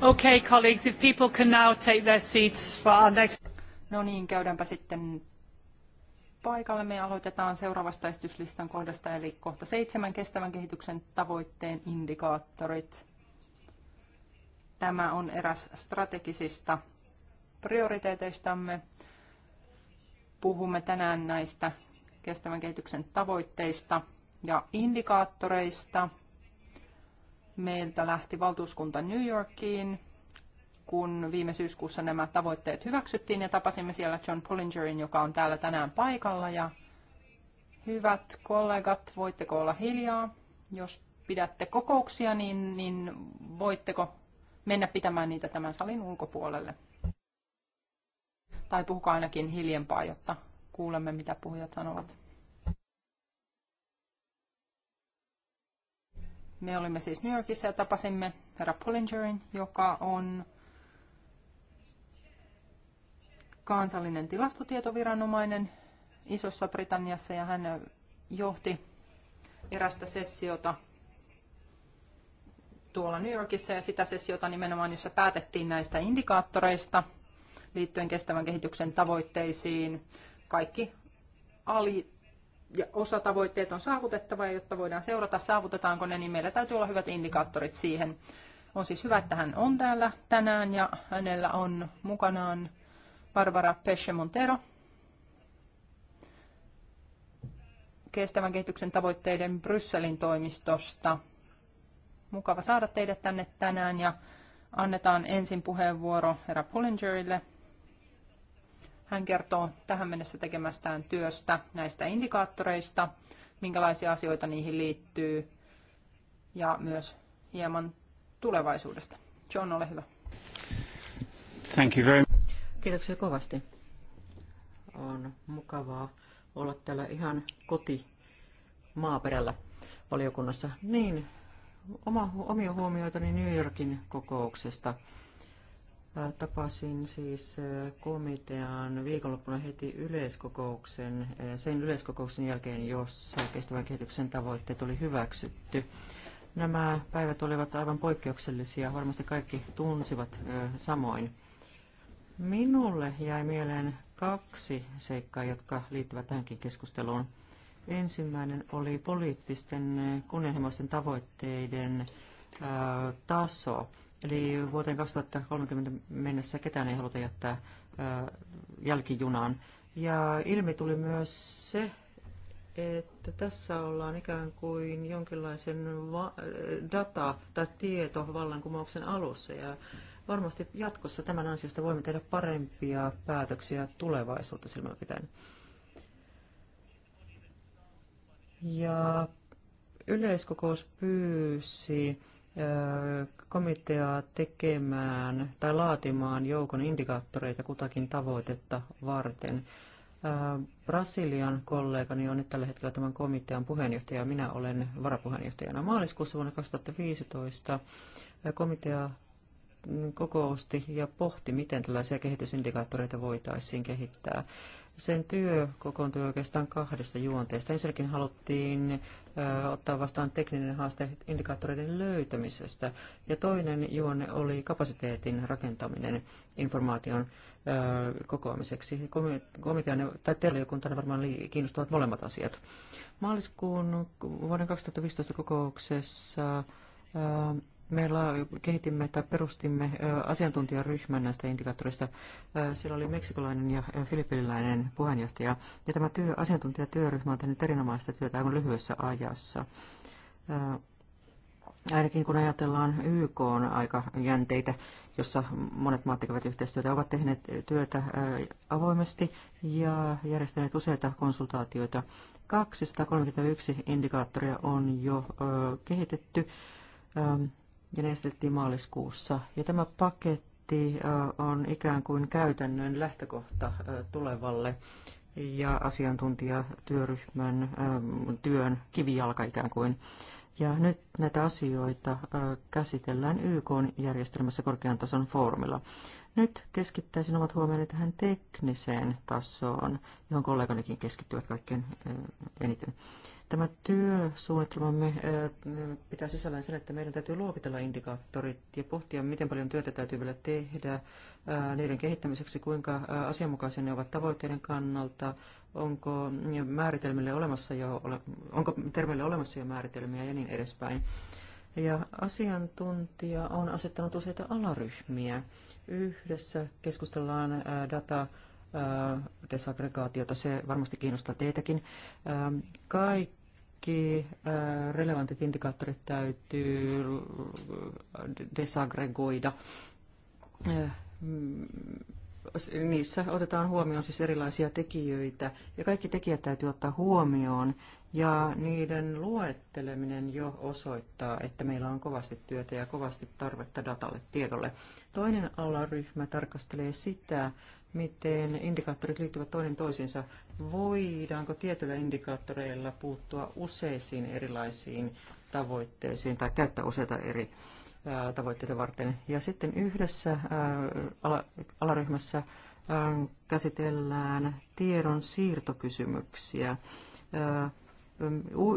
Okay, colleagues, if people can now take their seats for our next... No niin, käydäänpä sitten paikalle. Me aloitetaan seuraavasta esityslistan kohdasta, eli kohta seitsemän kestävän kehityksen tavoitteen indikaattorit. Tämä on eräs strategisista prioriteeteistamme. Puhumme tänään näistä kestävän kehityksen tavoitteista ja indikaattoreista – meiltä lähti valtuuskunta New Yorkiin, kun viime syyskuussa nämä tavoitteet hyväksyttiin ja tapasimme siellä John Pollingerin, joka on täällä tänään paikalla. Ja hyvät kollegat, voitteko olla hiljaa? Jos pidätte kokouksia, niin, niin voitteko mennä pitämään niitä tämän salin ulkopuolelle? Tai puhukaa ainakin hiljempaa, jotta kuulemme, mitä puhujat sanovat. Me olimme siis New Yorkissa ja tapasimme herra Pollingerin, joka on kansallinen tilastotietoviranomainen Isossa Britanniassa ja hän johti erästä sessiota tuolla New Yorkissa ja sitä sessiota nimenomaan, jossa päätettiin näistä indikaattoreista liittyen kestävän kehityksen tavoitteisiin. Kaikki ja osa tavoitteet on saavutettava ja jotta voidaan seurata saavutetaanko ne, niin meillä täytyy olla hyvät indikaattorit siihen. On siis hyvä, että hän on täällä tänään ja hänellä on mukanaan Barbara peche Montero, kestävän kehityksen tavoitteiden Brysselin toimistosta. Mukava saada teidät tänne tänään ja annetaan ensin puheenvuoro herra Pullingerille – hän kertoo tähän mennessä tekemästään työstä näistä indikaattoreista, minkälaisia asioita niihin liittyy ja myös hieman tulevaisuudesta. John, ole hyvä. Thank you very Kiitoksia kovasti. On mukavaa olla täällä ihan koti maaperällä valiokunnassa. Niin, oma, omia huomioitani New Yorkin kokouksesta. Äh, tapasin siis äh, komitean viikonloppuna heti yleiskokouksen, äh, sen yleiskokouksen jälkeen, jossa kestävän kehityksen tavoitteet oli hyväksytty. Nämä päivät olivat aivan poikkeuksellisia, varmasti kaikki tunsivat samoin. Minulle jäi mieleen kaksi seikkaa, jotka liittyvät tähänkin keskusteluun. Ensimmäinen oli poliittisten kunnianhimoisten tavoitteiden taso. Eli vuoteen 2030 mennessä ketään ei haluta jättää jälkijunaan. Ja ilmi tuli myös se, että tässä ollaan ikään kuin jonkinlaisen va- data- tai tieto vallankumouksen alussa. Ja varmasti jatkossa tämän ansiosta voimme tehdä parempia päätöksiä tulevaisuutta silmällä pitäen. Ja yleiskokous pyysi komiteaa tekemään tai laatimaan joukon indikaattoreita kutakin tavoitetta varten. Brasilian kollegani on nyt tällä hetkellä tämän komitean puheenjohtaja, minä olen varapuheenjohtajana. Maaliskuussa vuonna 2015 komitea kokousti ja pohti, miten tällaisia kehitysindikaattoreita voitaisiin kehittää. Sen työ kokoontui oikeastaan kahdesta juonteesta. Ensinnäkin haluttiin ottaa vastaan tekninen haaste indikaattoreiden löytämisestä. Ja toinen juonne oli kapasiteetin rakentaminen informaation kokoamiseksi. Komitean tai terveyskuntana varmaan kiinnostavat molemmat asiat. Maaliskuun vuoden 2015 kokouksessa me kehitimme tai perustimme asiantuntijaryhmän näistä indikaattoreista. Siellä oli meksikolainen ja filippiniläinen puheenjohtaja. Ja tämä työ, asiantuntijatyöryhmä on tehnyt erinomaista työtä aivan lyhyessä ajassa. Ainakin kun ajatellaan YK on aika jänteitä, jossa monet maat tekevät yhteistyötä, ovat tehneet työtä avoimesti ja järjestäneet useita konsultaatioita. 231 indikaattoria on jo kehitetty ja ne esitettiin maaliskuussa. Ja tämä paketti on ikään kuin käytännön lähtökohta tulevalle ja asiantuntijatyöryhmän työn kivijalka ikään kuin. Ja nyt näitä asioita käsitellään YK-järjestelmässä korkean tason foorumilla. Nyt keskittäisin omat huomioni tähän tekniseen tasoon, johon kolleganikin keskittyvät kaikkein eh, eniten. Tämä työsuunnitelmamme eh, pitää sisällään sen, että meidän täytyy luokitella indikaattorit ja pohtia, miten paljon työtä täytyy vielä tehdä eh, niiden kehittämiseksi, kuinka asianmukaisia ne ovat tavoitteiden kannalta, onko määritelmille olemassa jo, onko termille olemassa jo määritelmiä ja niin edespäin. Ja asiantuntija on asettanut useita alaryhmiä Yhdessä keskustellaan data desagregaatiota, se varmasti kiinnostaa teitäkin. Kaikki relevantit indikaattorit täytyy desagregoida. Mm, niissä otetaan huomioon siis erilaisia tekijöitä ja kaikki tekijät täytyy ottaa huomioon ja niiden luetteleminen jo osoittaa, että meillä on kovasti työtä ja kovasti tarvetta datalle tiedolle. Toinen alaryhmä tarkastelee sitä, miten indikaattorit liittyvät toinen toisiinsa. Voidaanko tietyillä indikaattoreilla puuttua useisiin erilaisiin tavoitteisiin tai käyttää useita eri tavoitteita varten. Ja sitten yhdessä alaryhmässä käsitellään tiedon siirtokysymyksiä.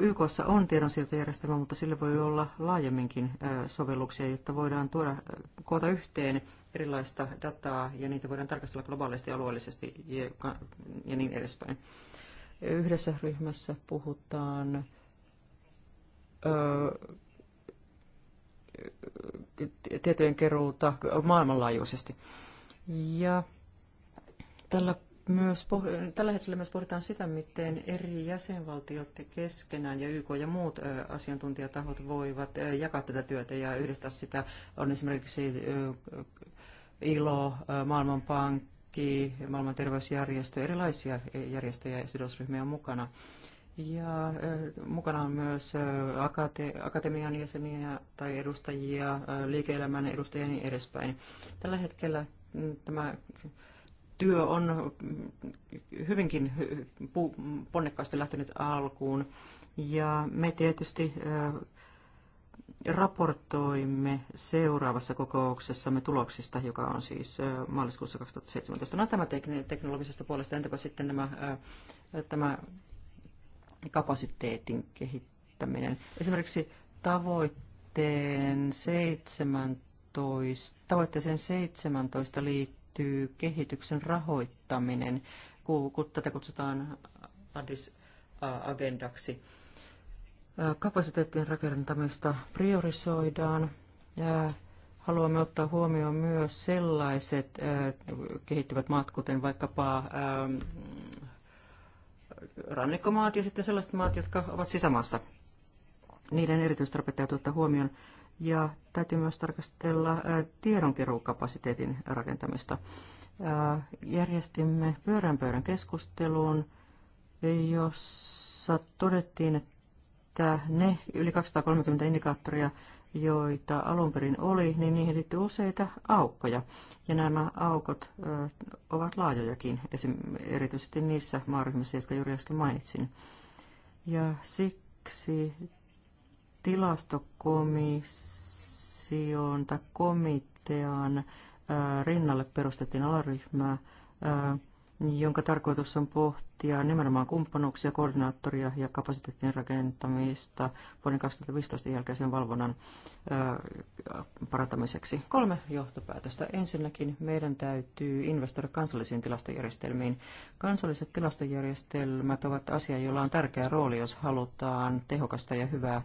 YKssa on tiedonsiirtojärjestelmä, mutta sillä voi olla laajemminkin sovelluksia, jotta voidaan tuoda, koota yhteen erilaista dataa ja niitä voidaan tarkastella globaalisti, alueellisesti ja, ja niin edespäin. Yhdessä ryhmässä puhutaan ö, tietojen keruuta maailmanlaajuisesti. Ja tällä myös tällä hetkellä myös pohditaan sitä, miten eri jäsenvaltiot keskenään ja YK ja muut asiantuntijatahot voivat jakaa tätä työtä ja yhdistää sitä. On esimerkiksi ILO, Maailmanpankki, Maailman terveysjärjestö, erilaisia e, järjestöjä ja sidosryhmiä mukana. Ja mukana on myös akate, akatemian jäseniä tai edustajia, liike-elämän edustajia ja niin edespäin. Tällä hetkellä mm, tämä työ on hyvinkin ponnekkaasti lähtenyt alkuun. Ja me tietysti äh, raportoimme seuraavassa kokouksessamme tuloksista, joka on siis äh, maaliskuussa 2017. No tämä teknologisesta puolesta, entäpä sitten nämä, äh, tämä kapasiteetin kehittäminen? Esimerkiksi tavoitteen 17, tavoitteeseen 17 liittyen liittyy kehityksen rahoittaminen, kun tätä kutsutaan Addis-agendaksi. Kapasiteettien rakentamista priorisoidaan. Haluamme ottaa huomioon myös sellaiset kehittyvät maat, kuten vaikkapa rannikkomaat ja sitten sellaiset maat, jotka ovat sisämaassa. Niiden erityistarpeet täytyy ottaa huomioon ja täytyy myös tarkastella tiedonkeruukapasiteetin rakentamista. Järjestimme pyörän pöydän keskustelun, jossa todettiin, että ne yli 230 indikaattoria, joita alun perin oli, niin niihin liittyy useita aukkoja. Ja nämä aukot ovat laajojakin, esim. erityisesti niissä maaryhmissä, jotka juuri äsken mainitsin. Ja siksi tilastokomission tai komitean rinnalle perustettiin alaryhmää, jonka tarkoitus on pohtia nimenomaan kumppanuuksia, koordinaattoria ja kapasiteettien rakentamista vuoden 2015 jälkeisen valvonnan parantamiseksi. Kolme johtopäätöstä. Ensinnäkin meidän täytyy investoida kansallisiin tilastojärjestelmiin. Kansalliset tilastojärjestelmät ovat asia, jolla on tärkeä rooli, jos halutaan tehokasta ja hyvää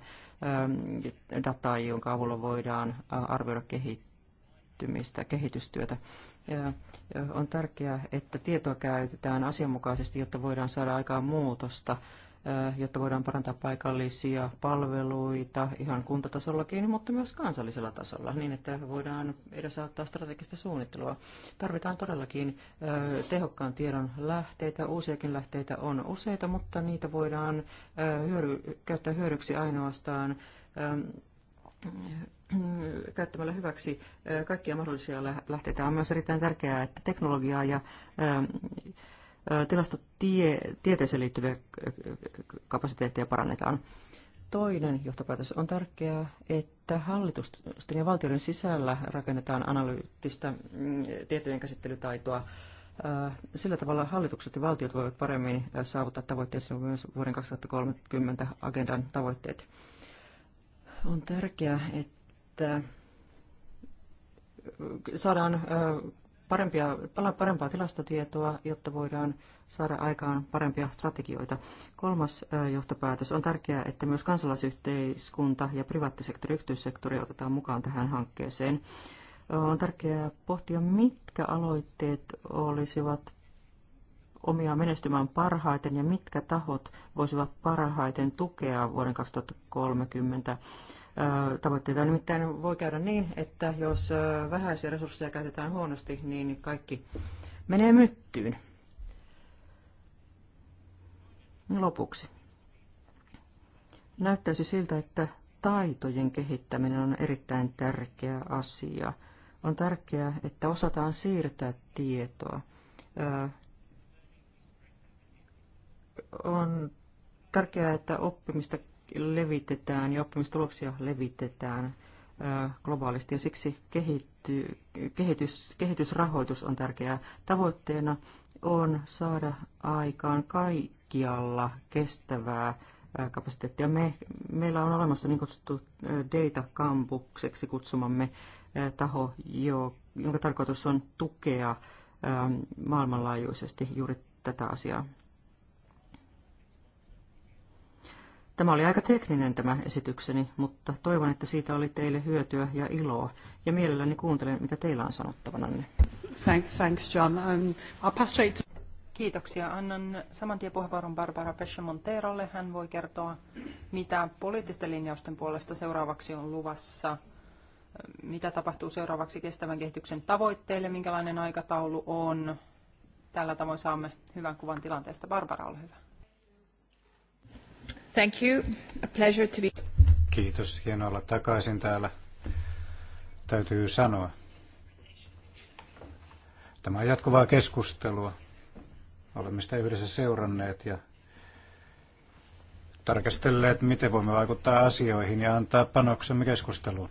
dataa, jonka avulla voidaan arvioida kehittymistä, kehitystyötä. On tärkeää, että tietoa käytetään asianmukaisesti, jotta voidaan saada aikaan muutosta jotta voidaan parantaa paikallisia palveluita ihan kuntatasollakin, mutta myös kansallisella tasolla, niin että voidaan edesauttaa strategista suunnittelua. Tarvitaan todellakin tehokkaan tiedon lähteitä. Uusiakin lähteitä on useita, mutta niitä voidaan hyödy- käyttää hyödyksi ainoastaan käyttämällä hyväksi kaikkia mahdollisia lähteitä. On myös erittäin tärkeää, että teknologiaa ja tilastotieteeseen liittyviä kapasiteetteja parannetaan. Toinen johtopäätös on tärkeää, että hallitusten ja valtioiden sisällä rakennetaan analyyttistä mm, tietojen käsittelytaitoa. Sillä tavalla hallitukset ja valtiot voivat paremmin saavuttaa tavoitteensa myös vuoden 2030 agendan tavoitteet. On tärkeää, että saadaan parempia, parempaa tilastotietoa, jotta voidaan saada aikaan parempia strategioita. Kolmas johtopäätös on tärkeää, että myös kansalaisyhteiskunta ja privaattisektori, yksityissektori otetaan mukaan tähän hankkeeseen. On tärkeää pohtia, mitkä aloitteet olisivat omia menestymään parhaiten ja mitkä tahot voisivat parhaiten tukea vuoden 2030 tavoitteita. Nimittäin voi käydä niin, että jos vähäisiä resursseja käytetään huonosti, niin kaikki menee myttyyn. Lopuksi. Näyttäisi siltä, että taitojen kehittäminen on erittäin tärkeä asia. On tärkeää, että osataan siirtää tietoa on tärkeää, että oppimista levitetään ja oppimistuloksia levitetään globaalisti ja siksi kehitty, kehitys, kehitysrahoitus on tärkeää. Tavoitteena on saada aikaan kaikkialla kestävää kapasiteettia. Me, meillä on olemassa niin kutsuttu data-kampukseksi kutsumamme taho, jo, jonka tarkoitus on tukea maailmanlaajuisesti juuri tätä asiaa. Tämä oli aika tekninen tämä esitykseni, mutta toivon, että siitä oli teille hyötyä ja iloa. Ja mielelläni kuuntelen, mitä teillä on sanottavananne. Thank, thanks, John. Um, I'll pass straight to... Kiitoksia. Annan saman tien puheenvuoron Barbara Pesce-Monterolle. Hän voi kertoa, mitä poliittisten linjausten puolesta seuraavaksi on luvassa, mitä tapahtuu seuraavaksi kestävän kehityksen tavoitteille, minkälainen aikataulu on. Tällä tavoin saamme hyvän kuvan tilanteesta. Barbara, ole hyvä. Thank you. A pleasure to be... Kiitos. Hienoa olla takaisin täällä. Täytyy sanoa. Tämä on jatkuvaa keskustelua. Olemme sitä yhdessä seuranneet ja tarkastelleet, miten voimme vaikuttaa asioihin ja antaa panoksemme keskusteluun.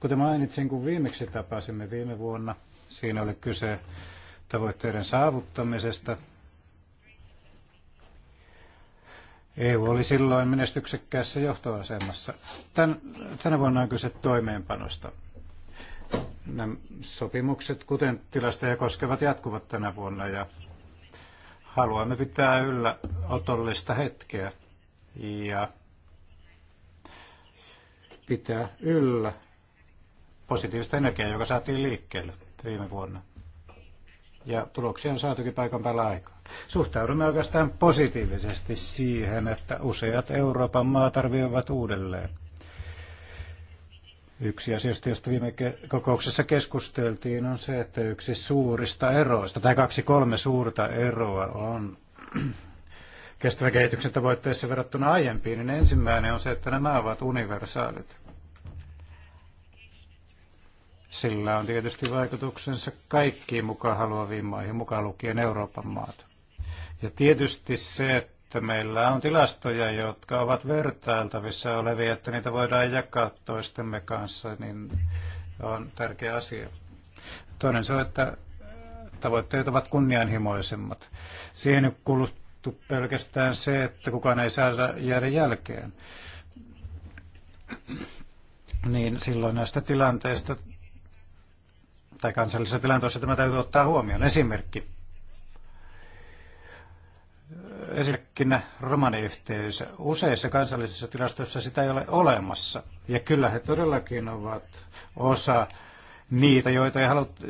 Kuten mainitsin, kun viimeksi tapasimme viime vuonna, siinä oli kyse tavoitteiden saavuttamisesta – EU oli silloin menestyksekkäässä johtoasemassa. Tän, tänä vuonna on kyse toimeenpanosta. Nämä sopimukset, kuten tilastoja koskevat, jatkuvat tänä vuonna ja haluamme pitää yllä otollista hetkeä ja pitää yllä positiivista energiaa, joka saatiin liikkeelle viime vuonna. Ja tuloksia on saatukin paikan päällä aika. Suhtaudumme oikeastaan positiivisesti siihen, että useat Euroopan maat arvioivat uudelleen. Yksi asioista, josta viime kokouksessa keskusteltiin, on se, että yksi suurista eroista, tai kaksi kolme suurta eroa on kestävän kehityksen tavoitteissa verrattuna aiempiin, niin ensimmäinen on se, että nämä ovat universaalit. Sillä on tietysti vaikutuksensa kaikkiin mukaan haluaviin maihin, mukaan lukien Euroopan maat. Ja tietysti se, että meillä on tilastoja, jotka ovat vertailtavissa olevia, että niitä voidaan jakaa toistemme kanssa, niin on tärkeä asia. Toinen se on, että tavoitteet ovat kunnianhimoisemmat. Siihen on kuluttu pelkästään se, että kukaan ei saa jäädä jälkeen. Niin silloin näistä tilanteista tai kansallisissa tilanteissa tämä täytyy ottaa huomioon. Esimerkki esimerkkinä romaniyhteys. Useissa kansallisissa tilastoissa sitä ei ole olemassa. Ja kyllä he todellakin ovat osa niitä, joita ei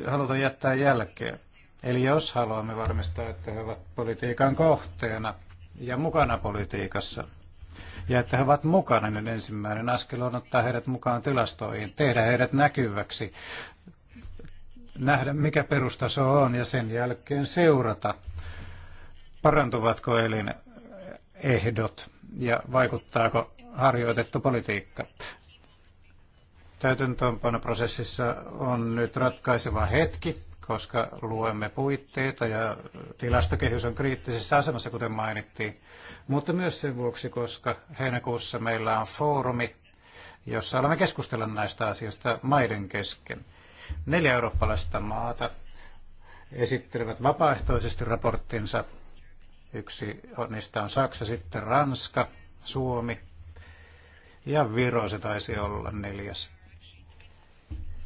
haluta jättää jälkeen. Eli jos haluamme varmistaa, että he ovat politiikan kohteena ja mukana politiikassa, ja että he ovat mukana, niin ensimmäinen askel on ottaa heidät mukaan tilastoihin, tehdä heidät näkyväksi, nähdä mikä perustaso on ja sen jälkeen seurata Parantuvatko elinehdot ja vaikuttaako harjoitettu politiikka? prosessissa on nyt ratkaiseva hetki, koska luemme puitteita ja tilastokehys on kriittisessä asemassa, kuten mainittiin. Mutta myös sen vuoksi, koska heinäkuussa meillä on foorumi, jossa olemme keskustella näistä asioista maiden kesken. Neljä eurooppalaista maata esittelevät vapaaehtoisesti raporttinsa Yksi niistä on Saksa, sitten Ranska, Suomi ja Viro se taisi olla neljäs.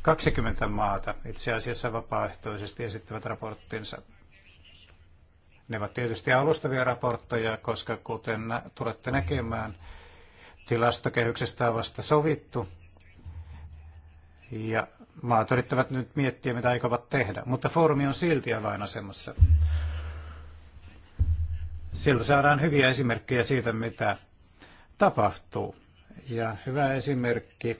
20 maata itse asiassa vapaaehtoisesti esittävät raporttinsa. Ne ovat tietysti alustavia raportteja, koska kuten tulette näkemään, tilastokehyksestä on vasta sovittu. Ja maat yrittävät nyt miettiä, mitä aikovat tehdä, mutta foorumi on silti avainasemassa. Silloin saadaan hyviä esimerkkejä siitä, mitä tapahtuu. Ja hyvä esimerkki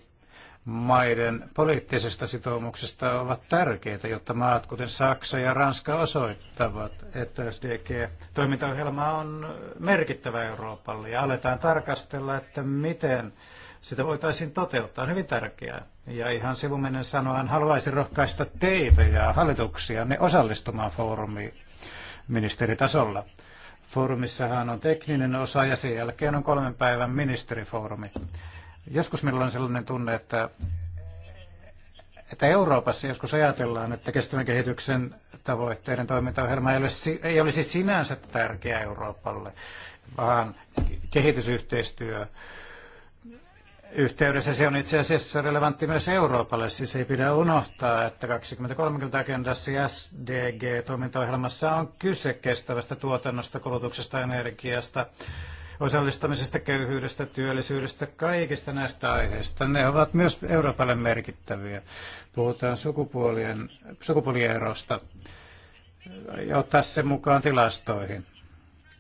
maiden poliittisesta sitoumuksesta ovat tärkeitä, jotta maat kuten Saksa ja Ranska osoittavat, että SDG-toimintaohjelma on merkittävä Euroopalle ja aletaan tarkastella, että miten sitä voitaisiin toteuttaa. On hyvin tärkeää. Ja ihan sivuminen sanoen haluaisin rohkaista teitä ja hallituksia ne osallistumaan foorumiin ministeritasolla. Foorumissahan on tekninen osa ja sen jälkeen on kolmen päivän ministerifoorumi. Joskus meillä on sellainen tunne, että, että Euroopassa joskus ajatellaan, että kestävän kehityksen tavoitteiden toimintaohjelma ei, ole, ei olisi sinänsä tärkeä Euroopalle, vaan kehitysyhteistyö yhteydessä se on itse asiassa relevantti myös Euroopalle. Siis ei pidä unohtaa, että 2030 agendassa ja SDG-toimintaohjelmassa on kyse kestävästä tuotannosta, kulutuksesta, energiasta, osallistamisesta, köyhyydestä, työllisyydestä, kaikista näistä aiheista. Ne ovat myös Euroopalle merkittäviä. Puhutaan sukupuolien, sukupuolierosta ja ottaa se mukaan tilastoihin.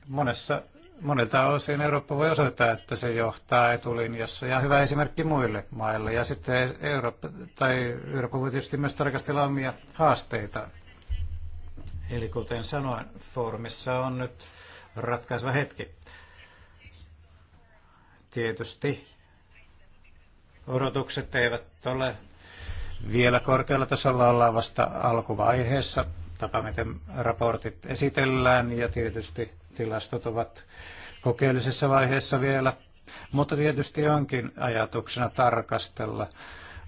Monessa monelta osin Eurooppa voi osoittaa, että se johtaa etulinjassa ja hyvä esimerkki muille maille. Ja sitten Eurooppa, tai Eurooppa voi tietysti myös tarkastella omia haasteita. Eli kuten sanoin, foorumissa on nyt ratkaiseva hetki. Tietysti odotukset eivät ole vielä korkealla tasolla, ollaan vasta alkuvaiheessa tapa, miten raportit esitellään ja tietysti tilastot ovat kokeellisessa vaiheessa vielä, mutta tietysti onkin ajatuksena tarkastella,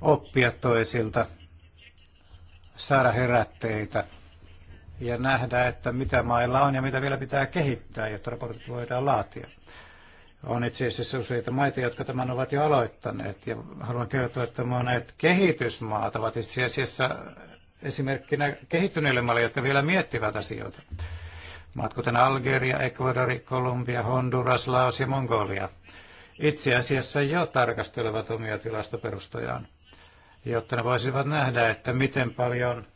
oppia toisilta, saada herätteitä ja nähdä, että mitä mailla on ja mitä vielä pitää kehittää, jotta raportit voidaan laatia. On itse asiassa useita maita, jotka tämän ovat jo aloittaneet. Ja haluan kertoa, että monet kehitysmaat ovat itse asiassa esimerkkinä kehittyneille maille, jotka vielä miettivät asioita. Maat kuten Algeria, Ecuador, Kolumbia, Honduras, Laos ja Mongolia itse asiassa jo tarkastelevat omia tilastoperustojaan, jotta ne voisivat nähdä, että miten paljon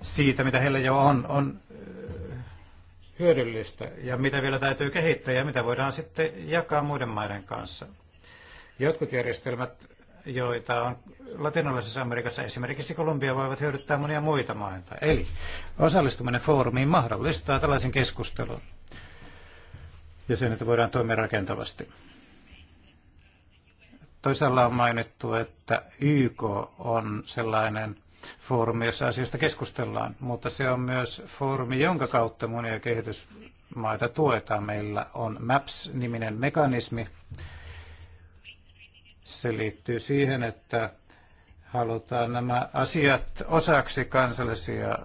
siitä, mitä heillä jo on, on äh, hyödyllistä ja mitä vielä täytyy kehittää ja mitä voidaan sitten jakaa muiden maiden kanssa. Jotkut järjestelmät joita on latinalaisessa Amerikassa, esimerkiksi Kolumbia, voivat hyödyttää monia muita maita. Eli osallistuminen foorumiin mahdollistaa tällaisen keskustelun. Ja sen, että voidaan toimia rakentavasti. Toisaalla on mainittu, että YK on sellainen foorumi, jossa asioista keskustellaan, mutta se on myös foorumi, jonka kautta monia kehitysmaita tuetaan. Meillä on MAPS-niminen mekanismi, se liittyy siihen, että halutaan nämä asiat osaksi kansallisia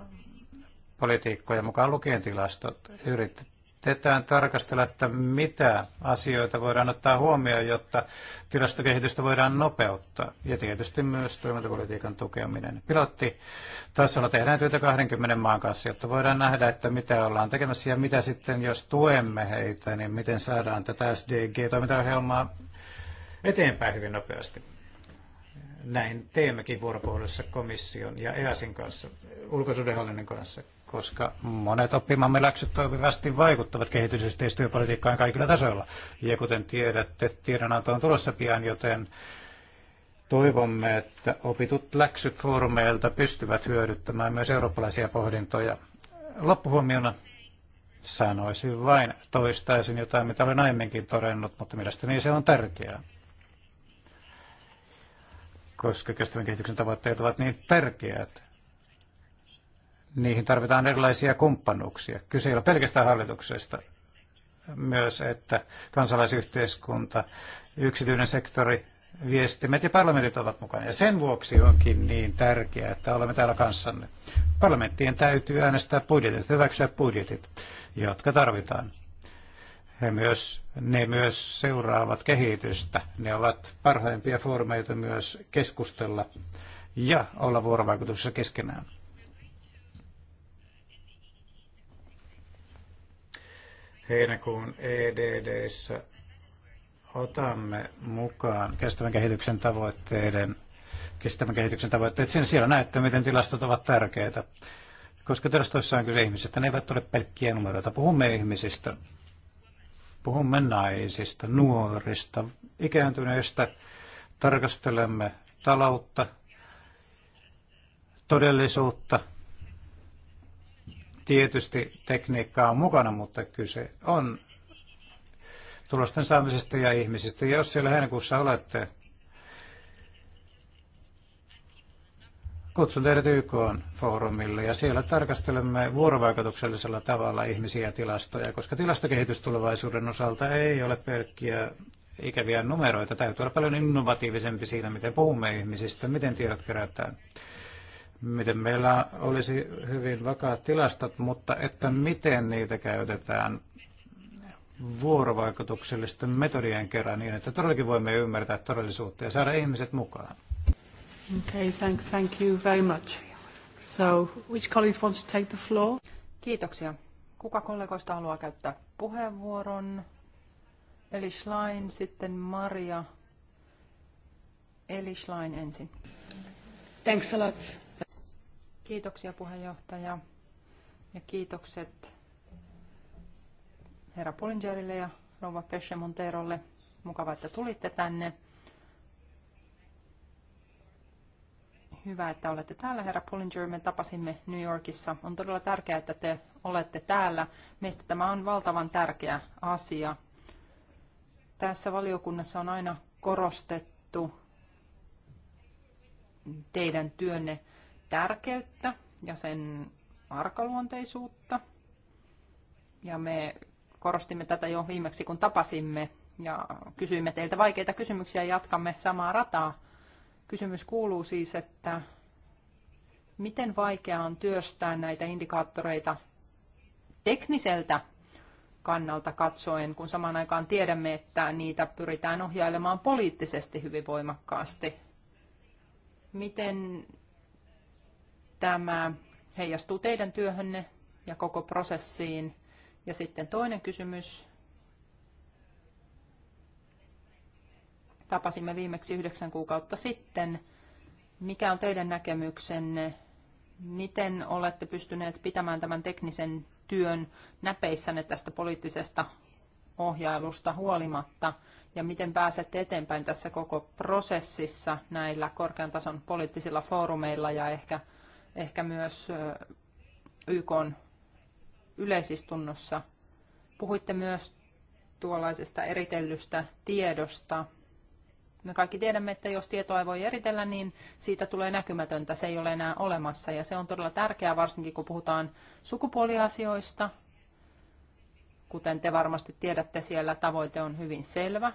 politiikkoja, mukaan lukien tilastot. Yritetään tarkastella, että mitä asioita voidaan ottaa huomioon, jotta tilastokehitystä voidaan nopeuttaa. Ja tietysti myös toimintapolitiikan tukeminen. Pilotti tasolla tehdään työtä 20 maan kanssa, jotta voidaan nähdä, että mitä ollaan tekemässä ja mitä sitten, jos tuemme heitä, niin miten saadaan tätä SDG-toimintaohjelmaa eteenpäin hyvin nopeasti. Näin teemmekin vuoropuhelussa komission ja EASin kanssa, ulkosuhdehallinnon kanssa, koska monet oppimamme läksyt toimivasti vaikuttavat kehitysyhteistyöpolitiikkaan kaikilla tasoilla. Ja kuten tiedätte, tiedonanto on tulossa pian, joten toivomme, että opitut läksyt foorumeilta pystyvät hyödyttämään myös eurooppalaisia pohdintoja. Loppuhuomiona sanoisin vain, toistaisin jotain, mitä olen aiemminkin todennut, mutta mielestäni se on tärkeää koska kestävän kehityksen tavoitteet ovat niin tärkeät. Niihin tarvitaan erilaisia kumppanuuksia. Kyse ei ole pelkästään hallituksesta, myös että kansalaisyhteiskunta, yksityinen sektori, viestimet ja parlamentit ovat mukana. Ja sen vuoksi onkin niin tärkeää, että olemme täällä kanssanne. Parlamenttien täytyy äänestää budjetit, hyväksyä budjetit, jotka tarvitaan he myös, ne myös seuraavat kehitystä. Ne ovat parhaimpia foorumeita myös keskustella ja olla vuorovaikutuksessa keskenään. Heinäkuun EDDssä otamme mukaan kestävän kehityksen tavoitteiden kestävän kehityksen tavoitteet. Sen siellä näette, miten tilastot ovat tärkeitä, koska tilastoissa on kyse ihmisistä. Ne eivät ole pelkkiä numeroita. Puhumme ihmisistä, Puhumme naisista, nuorista, ikääntyneistä. Tarkastelemme taloutta, todellisuutta. Tietysti tekniikka on mukana, mutta kyse on tulosten saamisesta ja ihmisistä. jos siellä heinäkuussa olette kutsun teidät YK-foorumille ja siellä tarkastelemme vuorovaikutuksellisella tavalla ihmisiä ja tilastoja, koska tilastokehitys tulevaisuuden osalta ei ole pelkkiä ikäviä numeroita. Täytyy olla paljon innovatiivisempi siinä, miten puhumme ihmisistä, miten tiedot kerätään. Miten meillä olisi hyvin vakaat tilastot, mutta että miten niitä käytetään vuorovaikutuksellisten metodien kerran niin, että todellakin voimme ymmärtää todellisuutta ja saada ihmiset mukaan. Okay, thank, thank you very much. So, which colleagues to take the floor? Kiitoksia. Kuka kollegoista haluaa käyttää puheenvuoron? Eli Schlein, sitten Maria. Eli Schlein ensin. Thanks a lot. Kiitoksia puheenjohtaja ja kiitokset herra Pullingerille ja rouva Pesce Monterolle. Mukava, että tulitte tänne. hyvä, että olette täällä. Herra Pullinger, me tapasimme New Yorkissa. On todella tärkeää, että te olette täällä. Meistä tämä on valtavan tärkeä asia. Tässä valiokunnassa on aina korostettu teidän työnne tärkeyttä ja sen arkaluonteisuutta. Ja me korostimme tätä jo viimeksi, kun tapasimme ja kysyimme teiltä vaikeita kysymyksiä ja jatkamme samaa rataa. Kysymys kuuluu siis, että miten vaikeaa on työstää näitä indikaattoreita tekniseltä kannalta katsoen, kun samaan aikaan tiedämme, että niitä pyritään ohjailemaan poliittisesti hyvin voimakkaasti. Miten tämä heijastuu teidän työhönne ja koko prosessiin? Ja sitten toinen kysymys Tapasimme viimeksi yhdeksän kuukautta sitten. Mikä on teidän näkemyksenne? Miten olette pystyneet pitämään tämän teknisen työn näpeissänne tästä poliittisesta ohjailusta huolimatta? Ja miten pääsette eteenpäin tässä koko prosessissa näillä korkean tason poliittisilla foorumeilla ja ehkä, ehkä myös YK yleisistunnossa? Puhuitte myös tuollaisesta eritellystä tiedosta me kaikki tiedämme, että jos tietoa ei voi eritellä, niin siitä tulee näkymätöntä, se ei ole enää olemassa. Ja se on todella tärkeää, varsinkin kun puhutaan sukupuoliasioista. Kuten te varmasti tiedätte, siellä tavoite on hyvin selvä.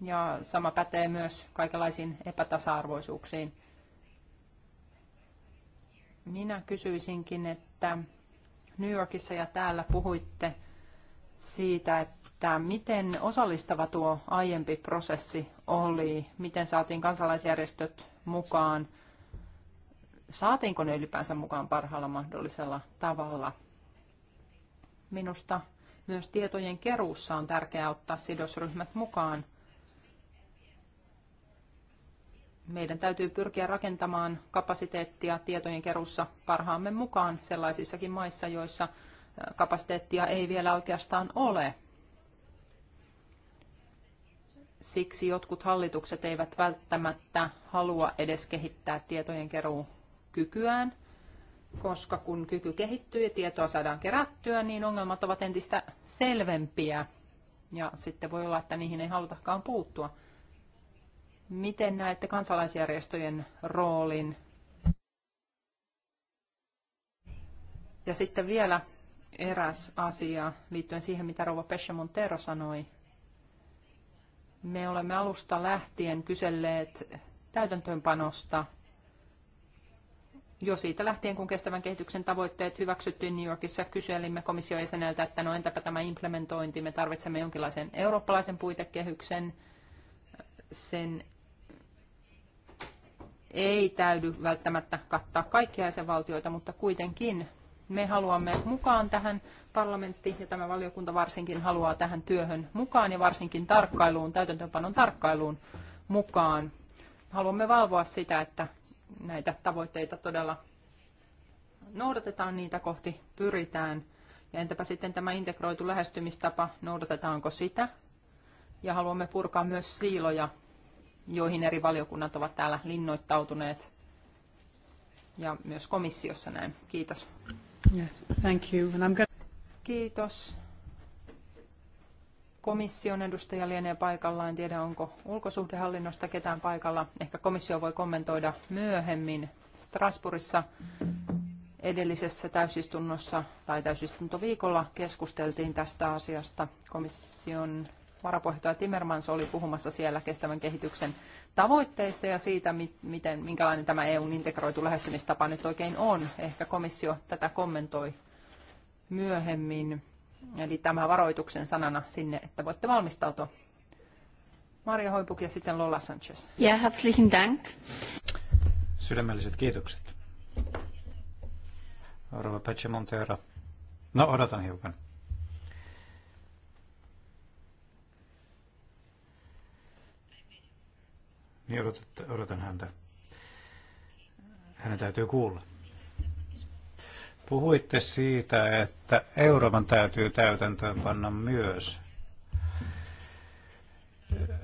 Ja sama pätee myös kaikenlaisiin epätasa-arvoisuuksiin. Minä kysyisinkin, että New Yorkissa ja täällä puhuitte siitä, että miten osallistava tuo aiempi prosessi oli, miten saatiin kansalaisjärjestöt mukaan, saatiinko ne ylipäänsä mukaan parhaalla mahdollisella tavalla. Minusta myös tietojen keruussa on tärkeää ottaa sidosryhmät mukaan. Meidän täytyy pyrkiä rakentamaan kapasiteettia tietojen keruussa parhaamme mukaan sellaisissakin maissa, joissa kapasiteettia ei vielä oikeastaan ole. Siksi jotkut hallitukset eivät välttämättä halua edes kehittää tietojen kykyään, koska kun kyky kehittyy ja tietoa saadaan kerättyä, niin ongelmat ovat entistä selvempiä ja sitten voi olla, että niihin ei halutakaan puuttua. Miten näette kansalaisjärjestöjen roolin? Ja sitten vielä eräs asia liittyen siihen, mitä Rouva Pesha Montero sanoi. Me olemme alusta lähtien kyselleet täytäntöönpanosta jo siitä lähtien, kun kestävän kehityksen tavoitteet hyväksyttiin New Yorkissa, kyselimme komission jäseneltä, että no entäpä tämä implementointi, me tarvitsemme jonkinlaisen eurooppalaisen puitekehyksen. Sen ei täydy välttämättä kattaa kaikkia jäsenvaltioita, mutta kuitenkin me haluamme mukaan tähän parlamentti ja tämä valiokunta varsinkin haluaa tähän työhön mukaan ja varsinkin tarkkailuun, täytäntöönpanon tarkkailuun mukaan. Haluamme valvoa sitä, että näitä tavoitteita todella noudatetaan, niitä kohti pyritään. Ja entäpä sitten tämä integroitu lähestymistapa, noudatetaanko sitä? Ja haluamme purkaa myös siiloja, joihin eri valiokunnat ovat täällä linnoittautuneet. Ja myös komissiossa näin. Kiitos. Thank you. And I'm gonna... Kiitos. Komission edustaja lienee paikalla. En tiedä, onko ulkosuhdehallinnosta ketään paikalla. Ehkä komissio voi kommentoida myöhemmin. Strasbourgissa edellisessä täysistunnossa tai täysistuntoviikolla keskusteltiin tästä asiasta. Komission varapuheenjohtaja Timmermans oli puhumassa siellä kestävän kehityksen tavoitteista ja siitä, miten, minkälainen tämä EUn integroitu lähestymistapa nyt oikein on. Ehkä komissio tätä kommentoi myöhemmin. Eli tämä varoituksen sanana sinne, että voitte valmistautua. Maria Hoipuk ja sitten Lola Sanchez. Ja herzlichen Dank. Sydämelliset kiitokset. Rova Pece Montero. No odotan hiukan. niin odotan, odotan häntä. Hänen täytyy kuulla. Puhuitte siitä, että Euroopan täytyy täytäntöön panna myös.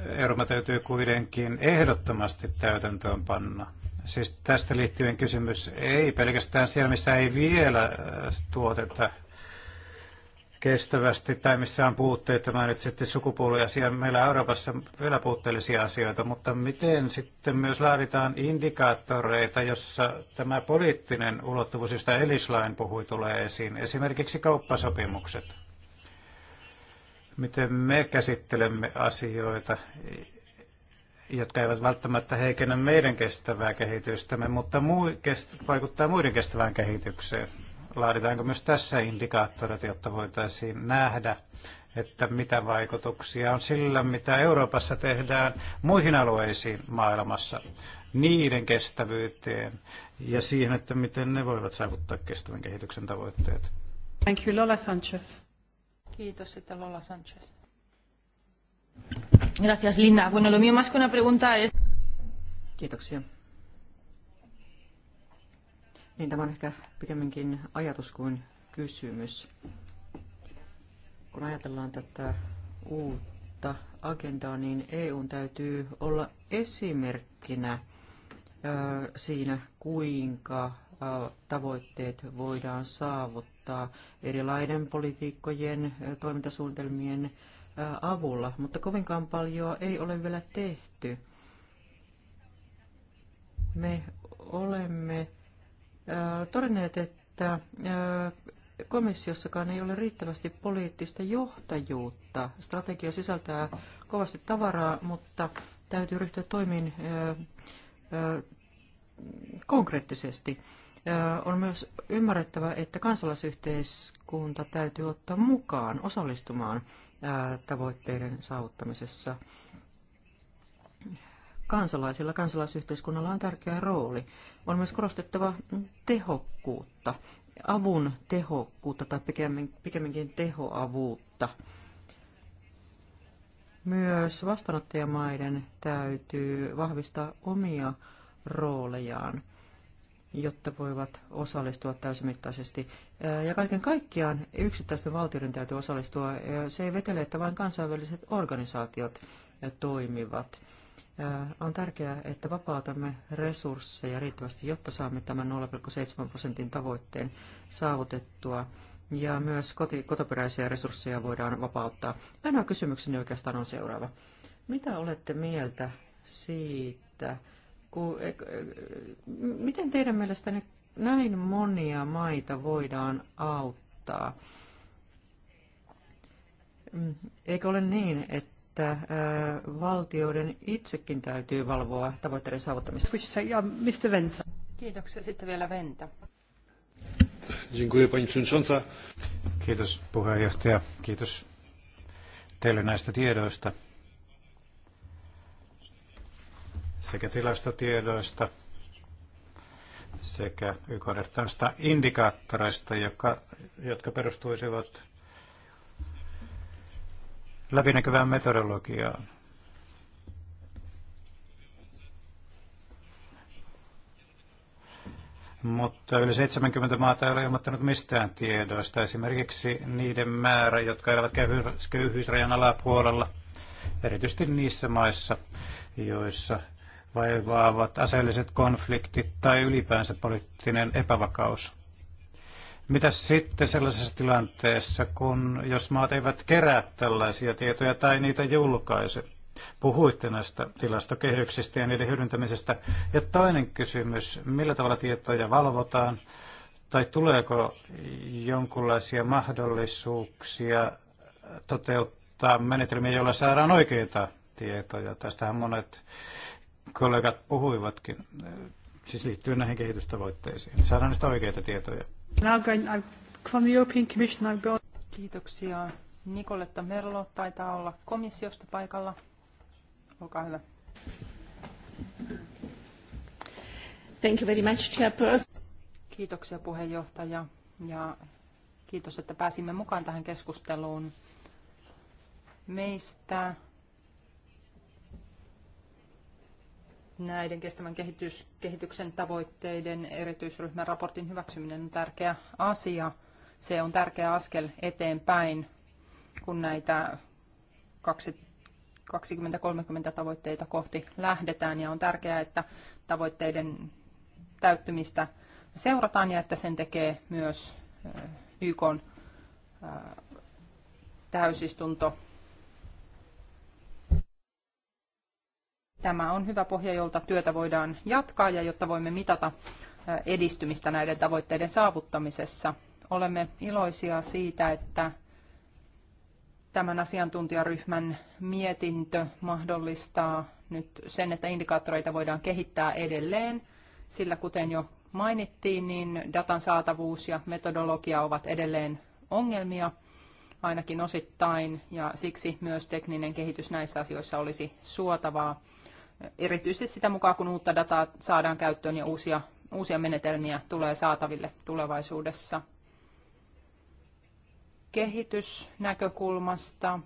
Euroopan täytyy kuitenkin ehdottomasti täytäntöön panna. Siis tästä liittyen kysymys ei pelkästään siellä, missä ei vielä tuoteta kestävästi tai missä on puutteita. Mä nyt sitten sukupuoliasia. Meillä Euroopassa vielä puutteellisia asioita, mutta miten sitten myös laaditaan indikaattoreita, jossa tämä poliittinen ulottuvuus, josta Elislain puhui, tulee esiin. Esimerkiksi kauppasopimukset. Miten me käsittelemme asioita, jotka eivät välttämättä heikennä meidän kestävää kehitystämme, mutta muu, kest, vaikuttaa muiden kestävään kehitykseen. Laaditaanko myös tässä indikaattorit, jotta voitaisiin nähdä, että mitä vaikutuksia on sillä, mitä Euroopassa tehdään muihin alueisiin maailmassa, niiden kestävyyteen ja siihen, että miten ne voivat saavuttaa kestävän kehityksen tavoitteet. Thank you, Lola Sanchez. Kiitos, Lola Sanchez. Gracias, Linda. Bueno, lo mío más que una pregunta es... Kiitoksia. Niin tämä on ehkä pikemminkin ajatus kuin kysymys. Kun ajatellaan tätä uutta agendaa, niin EUn täytyy olla esimerkkinä siinä, kuinka tavoitteet voidaan saavuttaa erilaiden politiikkojen toimintasuunnitelmien avulla, mutta kovinkaan paljon ei ole vielä tehty. Me olemme todenneet, että komissiossakaan ei ole riittävästi poliittista johtajuutta. Strategia sisältää kovasti tavaraa, mutta täytyy ryhtyä toimiin konkreettisesti. On myös ymmärrettävä, että kansalaisyhteiskunta täytyy ottaa mukaan osallistumaan tavoitteiden saavuttamisessa. Kansalaisilla, kansalaisyhteiskunnalla on tärkeä rooli. On myös korostettava tehokkuutta, avun tehokkuutta tai pikemminkin tehoavuutta. Myös vastaanottajamaiden täytyy vahvistaa omia roolejaan, jotta voivat osallistua täysimittaisesti. Ja kaiken kaikkiaan yksittäisten valtioiden täytyy osallistua. Se ei vetele, että vain kansainväliset organisaatiot toimivat. On tärkeää, että vapautamme resursseja riittävästi, jotta saamme tämän 0,7 prosentin tavoitteen saavutettua. Ja myös koti, kotoperäisiä resursseja voidaan vapauttaa. Ainoa kysymykseni oikeastaan on seuraava. Mitä olette mieltä siitä, kun, e, e, miten teidän mielestänne näin monia maita voidaan auttaa? Mm, eikö ole niin, että että valtioiden itsekin täytyy valvoa tavoitteiden saavuttamista. Uh, Mr. Venta. Kiitoksia. Sitten vielä Venta. Kiitos puheenjohtaja. Kiitos teille näistä tiedoista sekä tilastotiedoista sekä YKn indikaattoreista, jotka, jotka perustuisivat läpinäkyvään metodologiaan. Mutta yli 70 maata ei ole ilmoittanut mistään tiedoista. Esimerkiksi niiden määrä, jotka elävät köyhyysrajan alapuolella, erityisesti niissä maissa, joissa vaivaavat aseelliset konfliktit tai ylipäänsä poliittinen epävakaus. Mitä sitten sellaisessa tilanteessa, kun jos maat eivät kerää tällaisia tietoja tai niitä julkaise? Puhuitte näistä tilastokehyksistä ja niiden hyödyntämisestä. Ja toinen kysymys, millä tavalla tietoja valvotaan? Tai tuleeko jonkinlaisia mahdollisuuksia toteuttaa menetelmiä, joilla saadaan oikeita tietoja? Tästähän monet kollegat puhuivatkin, siis liittyen näihin kehitystavoitteisiin. Saadaan niistä oikeita tietoja. Uh, Kiitoksia. Nicoletta Merlo taitaa olla komissiosta paikalla. Olkaa hyvä. Thank you very much, Chairperson. Kiitoksia puheenjohtaja ja kiitos, että pääsimme mukaan tähän keskusteluun. Meistä näiden kestävän kehitys, kehityksen tavoitteiden erityisryhmän raportin hyväksyminen on tärkeä asia. Se on tärkeä askel eteenpäin, kun näitä 2030 tavoitteita kohti lähdetään ja on tärkeää, että tavoitteiden täyttymistä seurataan ja että sen tekee myös YK täysistunto Tämä on hyvä pohja, jolta työtä voidaan jatkaa ja jotta voimme mitata edistymistä näiden tavoitteiden saavuttamisessa. Olemme iloisia siitä, että tämän asiantuntijaryhmän mietintö mahdollistaa nyt sen, että indikaattoreita voidaan kehittää edelleen, sillä kuten jo mainittiin, niin datan saatavuus ja metodologia ovat edelleen ongelmia ainakin osittain, ja siksi myös tekninen kehitys näissä asioissa olisi suotavaa erityisesti sitä mukaan, kun uutta dataa saadaan käyttöön ja uusia, uusia menetelmiä tulee saataville tulevaisuudessa. Kehitysnäkökulmasta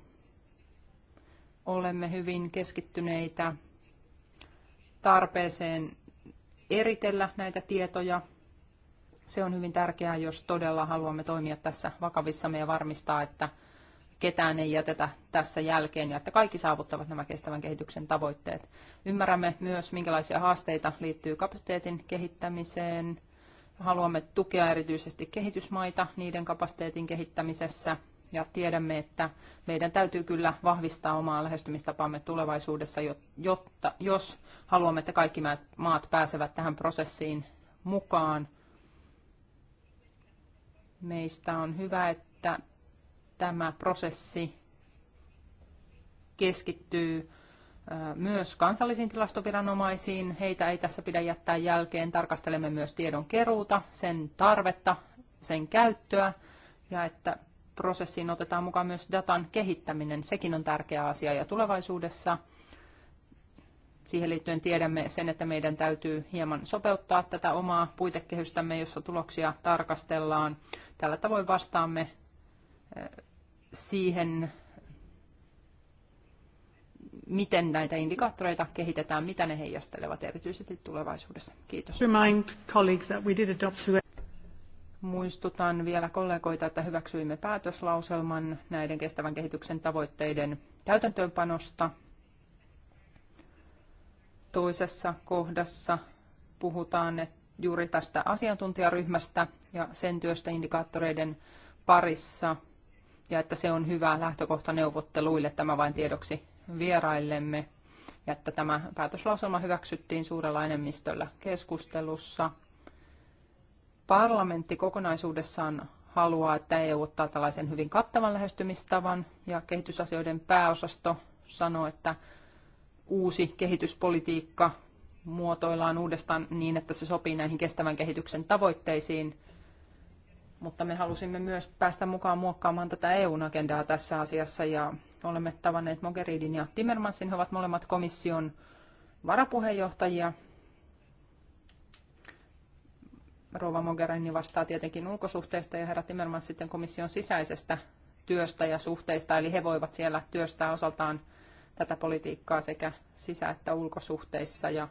olemme hyvin keskittyneitä tarpeeseen eritellä näitä tietoja. Se on hyvin tärkeää, jos todella haluamme toimia tässä vakavissamme ja varmistaa, että ketään ei jätetä tässä jälkeen ja että kaikki saavuttavat nämä kestävän kehityksen tavoitteet. Ymmärrämme myös, minkälaisia haasteita liittyy kapasiteetin kehittämiseen. Haluamme tukea erityisesti kehitysmaita niiden kapasiteetin kehittämisessä ja tiedämme, että meidän täytyy kyllä vahvistaa omaa lähestymistapamme tulevaisuudessa, jotta, jos haluamme, että kaikki maat pääsevät tähän prosessiin mukaan. Meistä on hyvä, että tämä prosessi keskittyy myös kansallisiin tilastoviranomaisiin. Heitä ei tässä pidä jättää jälkeen. Tarkastelemme myös tiedon keruuta, sen tarvetta, sen käyttöä ja että prosessiin otetaan mukaan myös datan kehittäminen. Sekin on tärkeä asia ja tulevaisuudessa siihen liittyen tiedämme sen, että meidän täytyy hieman sopeuttaa tätä omaa puitekehystämme, jossa tuloksia tarkastellaan. Tällä tavoin vastaamme siihen, miten näitä indikaattoreita kehitetään, mitä ne heijastelevat erityisesti tulevaisuudessa. Kiitos. Remind colleagues that we did adopt Muistutan vielä kollegoita, että hyväksyimme päätöslauselman näiden kestävän kehityksen tavoitteiden täytäntöönpanosta. Toisessa kohdassa puhutaan juuri tästä asiantuntijaryhmästä ja sen työstä indikaattoreiden parissa – ja että se on hyvä lähtökohta neuvotteluille, tämä vain tiedoksi vieraillemme, ja että tämä päätöslauselma hyväksyttiin suurella enemmistöllä keskustelussa. Parlamentti kokonaisuudessaan haluaa, että EU ottaa tällaisen hyvin kattavan lähestymistavan, ja kehitysasioiden pääosasto sanoo, että uusi kehityspolitiikka muotoillaan uudestaan niin, että se sopii näihin kestävän kehityksen tavoitteisiin – mutta me halusimme myös päästä mukaan muokkaamaan tätä EU-agendaa tässä asiassa ja olemme tavanneet Mogheridin ja Timmermansin. He ovat molemmat komission varapuheenjohtajia. Rova Mogherini vastaa tietenkin ulkosuhteista ja herra Timmermans sitten komission sisäisestä työstä ja suhteista, eli he voivat siellä työstää osaltaan tätä politiikkaa sekä sisä- että ulkosuhteissa. Ja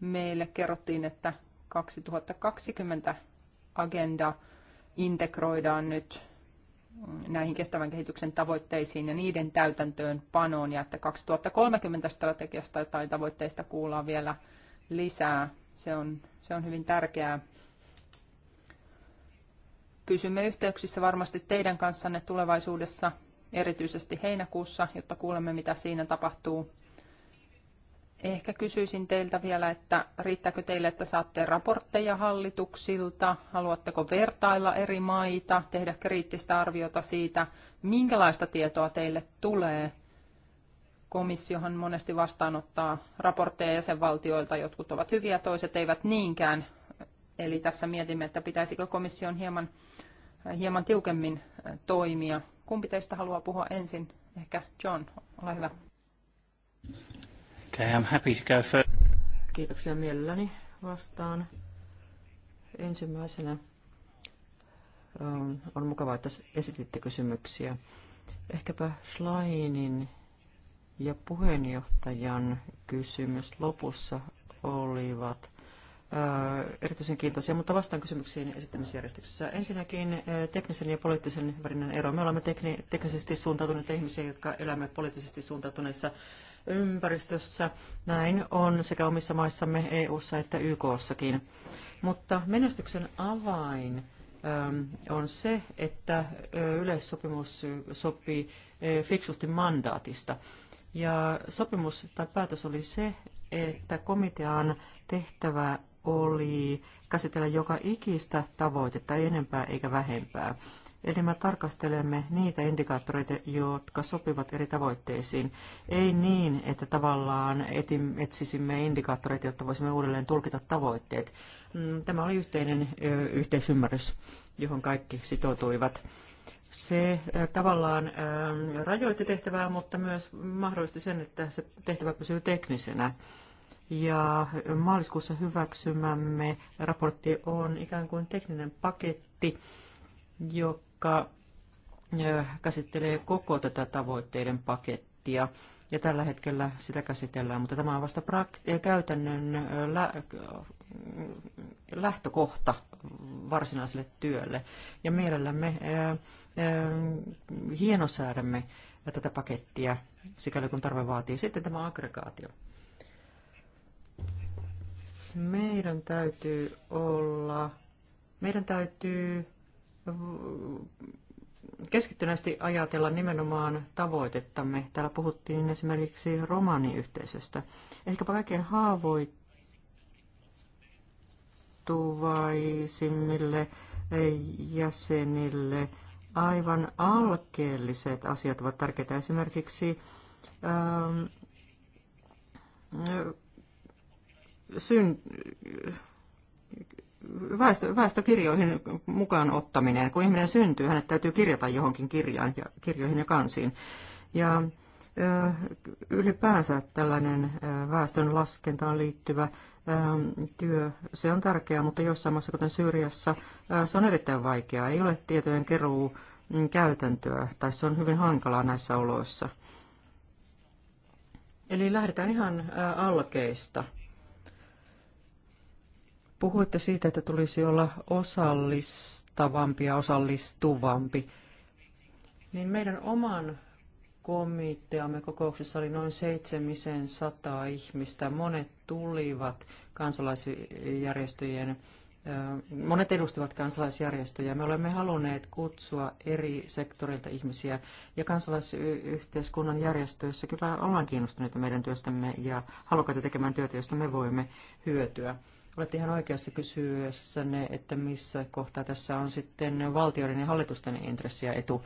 meille kerrottiin, että 2020 agenda integroidaan nyt näihin kestävän kehityksen tavoitteisiin ja niiden täytäntöön panoon ja että 2030 strategiasta tai tavoitteista kuullaan vielä lisää. Se on, se on hyvin tärkeää. Pysymme yhteyksissä varmasti teidän kanssanne tulevaisuudessa, erityisesti heinäkuussa, jotta kuulemme mitä siinä tapahtuu. Ehkä kysyisin teiltä vielä, että riittääkö teille, että saatte raportteja hallituksilta, haluatteko vertailla eri maita, tehdä kriittistä arviota siitä, minkälaista tietoa teille tulee. Komissiohan monesti vastaanottaa raportteja jäsenvaltioilta, jotkut ovat hyviä, toiset eivät niinkään. Eli tässä mietimme, että pitäisikö komission hieman, hieman tiukemmin toimia. Kumpi teistä haluaa puhua ensin? Ehkä John, ole hyvä. Okay, I'm happy to go first. Kiitoksia mielelläni vastaan. Ensimmäisenä on, ähm, on mukavaa, että esititte kysymyksiä. Ehkäpä Schleinin ja puheenjohtajan kysymys lopussa olivat ää, äh, erityisen kiintoisia, mutta vastaan kysymyksiin esittämisjärjestyksessä. Ensinnäkin ää, äh, teknisen ja poliittisen välinen ero. Me olemme tekni, teknisesti suuntautuneita ihmisiä, jotka elämme poliittisesti suuntautuneissa ympäristössä. Näin on sekä omissa maissamme, EU:ssa että YKssakin. Mutta menestyksen avain ähm, on se, että yleissopimus sopii fiksusti mandaatista. Ja sopimus tai päätös oli se, että komitean tehtävä oli käsitellä joka ikistä tavoitetta, ei enempää eikä vähempää. Eli me tarkastelemme niitä indikaattoreita, jotka sopivat eri tavoitteisiin. Ei niin, että tavallaan etsisimme indikaattoreita, jotta voisimme uudelleen tulkita tavoitteet. Mm, tämä oli yhteinen yhteisymmärrys, johon kaikki sitoutuivat. Se tavallaan rajoitti tehtävää, mutta myös mahdollisti sen, että se tehtävä pysyy teknisenä. Ja maaliskuussa hyväksymämme raportti on ikään kuin tekninen paketti, joka joka käsittelee koko tätä tavoitteiden pakettia. Ja tällä hetkellä sitä käsitellään, mutta tämä on vasta prakt- käytännön lä- lähtökohta varsinaiselle työlle. Ja mielellämme ää, ää, hienosäädämme tätä pakettia, sikäli kun tarve vaatii. Sitten tämä aggregaatio. Meidän täytyy olla, meidän täytyy keskittyneesti ajatella nimenomaan tavoitettamme. Täällä puhuttiin esimerkiksi romaniyhteisöstä. Ehkäpä kaikkein haavoittuvaisimmille jäsenille aivan alkeelliset asiat ovat tärkeitä. Esimerkiksi ähm, äh, syn, väestö, väestökirjoihin mukaan ottaminen. Kun ihminen syntyy, hänet täytyy kirjata johonkin kirjaan ja, kirjoihin ja kansiin. Ja ylipäänsä tällainen väestön laskentaan liittyvä työ, se on tärkeää, mutta jossain maassa, kuten Syyriassa, se on erittäin vaikeaa. Ei ole tietojen keruu mm, käytäntöä, tai se on hyvin hankalaa näissä oloissa. Eli lähdetään ihan alkeista. Puhuitte siitä, että tulisi olla osallistavampi ja osallistuvampi. Niin meidän oman komiteamme kokouksessa oli noin 700 ihmistä. Monet tulivat kansalaisjärjestöjen Monet edustivat kansalaisjärjestöjä. Me olemme halunneet kutsua eri sektoreilta ihmisiä ja kansalaisyhteiskunnan järjestöissä kyllä ollaan kiinnostuneita meidän työstämme ja halukkaita tekemään työtä, josta me voimme hyötyä. Olette ihan oikeassa kysyessänne, että missä kohtaa tässä on sitten valtioiden ja hallitusten intressi ja etu.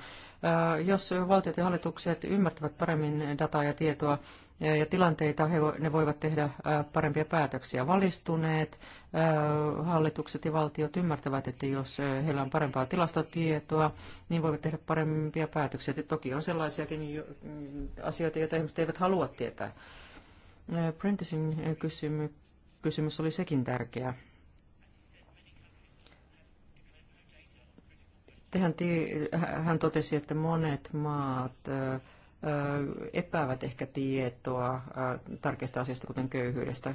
Jos valtiot ja hallitukset ymmärtävät paremmin dataa ja tietoa ja tilanteita, ne voivat tehdä parempia päätöksiä. Valistuneet hallitukset ja valtiot ymmärtävät, että jos heillä on parempaa tilastotietoa, niin voivat tehdä parempia päätöksiä. Ja toki on sellaisiakin mm, asioita, joita ihmiset eivät halua tietää. Prentisin kysymys kysymys oli sekin tärkeä. Tehän hän totesi, että monet maat epäävät ehkä tietoa tärkeistä asioista, kuten köyhyydestä.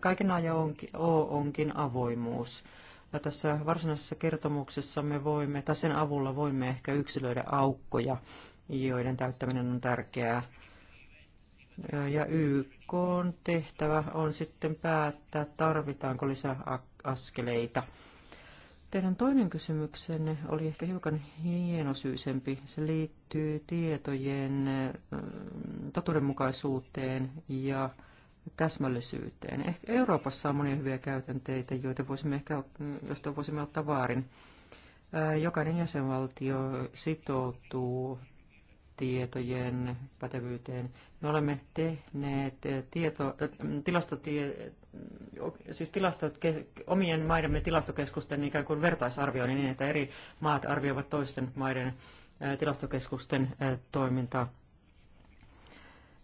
Kaiken ajan onkin, onkin avoimuus. Ja tässä varsinaisessa kertomuksessa me voimme, tai sen avulla voimme ehkä yksilöidä aukkoja, joiden täyttäminen on tärkeää ja YK on tehtävä on sitten päättää, tarvitaanko lisää askeleita. Teidän toinen kysymyksenne oli ehkä hiukan hienosyisempi. Se liittyy tietojen mm, totuudenmukaisuuteen ja täsmällisyyteen. Ehkä Euroopassa on monia hyviä käytänteitä, joita voisimme ehkä, joista voisimme ottaa vaarin. Jokainen jäsenvaltio sitoutuu tietojen pätevyyteen. Me olemme tehneet eh, tieto, eh, tilastotie, siis tilastot, omien maidemme tilastokeskusten ikään kuin vertaisarvioinnin niin, että eri maat arvioivat toisten maiden eh, tilastokeskusten toimintaa.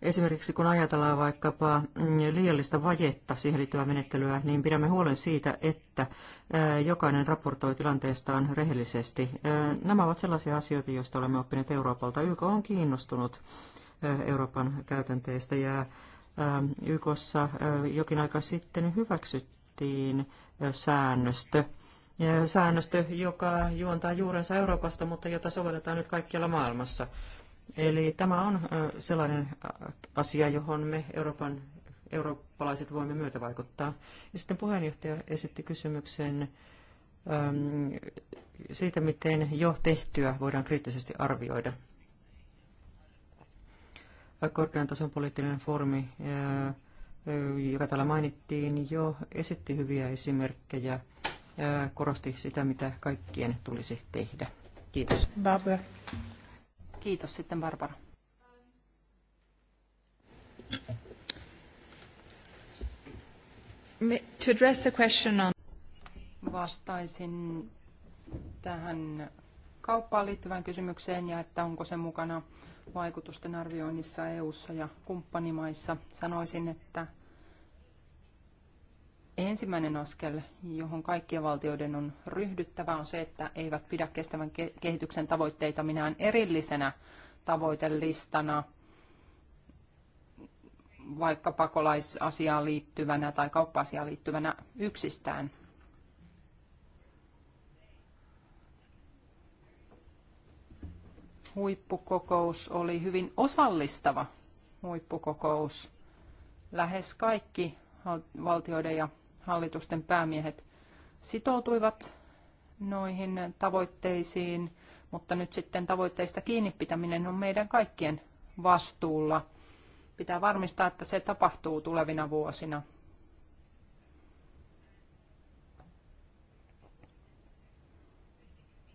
Esimerkiksi kun ajatellaan vaikkapa mm, liiallista vajetta siihen liittyvää menettelyä, niin pidämme huolen siitä, että jokainen raportoi tilanteestaan rehellisesti. Nämä ovat sellaisia asioita, joista olemme oppineet Euroopalta. YK on kiinnostunut Eh, Euroopan käytänteistä. Ja eh, YKssa eh, jokin aika sitten hyväksyttiin säännöstö, säännöstö, joka juontaa juurensa Euroopasta, mutta jota sovelletaan nyt kaikkialla maailmassa. Eli tämä on sellainen asia, johon me Euroopan, eurooppalaiset voimme vaikuttaa. Ja sitten puheenjohtaja esitti kysymyksen siitä, miten jo tehtyä voidaan kriittisesti arvioida korkean tason poliittinen foorumi, joka täällä mainittiin jo, esitti hyviä esimerkkejä, korosti sitä, mitä kaikkien tulisi tehdä. Kiitos. Barbara. Kiitos sitten Barbara. To address the question on... Vastaisin tähän kauppaan liittyvään kysymykseen ja että onko se mukana vaikutusten arvioinnissa EU:ssa ja kumppanimaissa. Sanoisin, että ensimmäinen askel, johon kaikkien valtioiden on ryhdyttävä, on se, että eivät pidä kestävän kehityksen tavoitteita minään erillisenä tavoitelistana, vaikka pakolaisasiaan liittyvänä tai kauppa-asiaan liittyvänä yksistään. huippukokous oli hyvin osallistava huippukokous. Lähes kaikki valtioiden ja hallitusten päämiehet sitoutuivat noihin tavoitteisiin, mutta nyt sitten tavoitteista kiinni pitäminen on meidän kaikkien vastuulla. Pitää varmistaa, että se tapahtuu tulevina vuosina.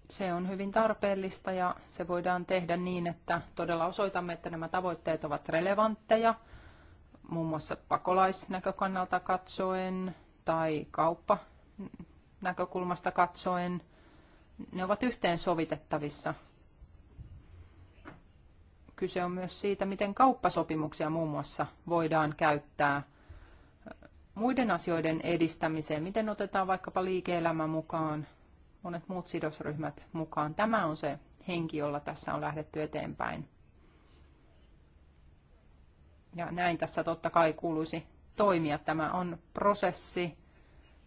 Se on hyvin tarpeellista ja se voidaan tehdä niin, että todella osoitamme, että nämä tavoitteet ovat relevantteja, muun muassa pakolaisnäkökannalta katsoen tai kauppa näkökulmasta katsoen. Ne ovat yhteensovitettavissa kyse on myös siitä, miten kauppasopimuksia muun muassa voidaan käyttää muiden asioiden edistämiseen, miten otetaan vaikkapa liike-elämä mukaan monet muut sidosryhmät mukaan. Tämä on se henki, jolla tässä on lähdetty eteenpäin. Ja näin tässä totta kai kuuluisi toimia. Tämä on prosessi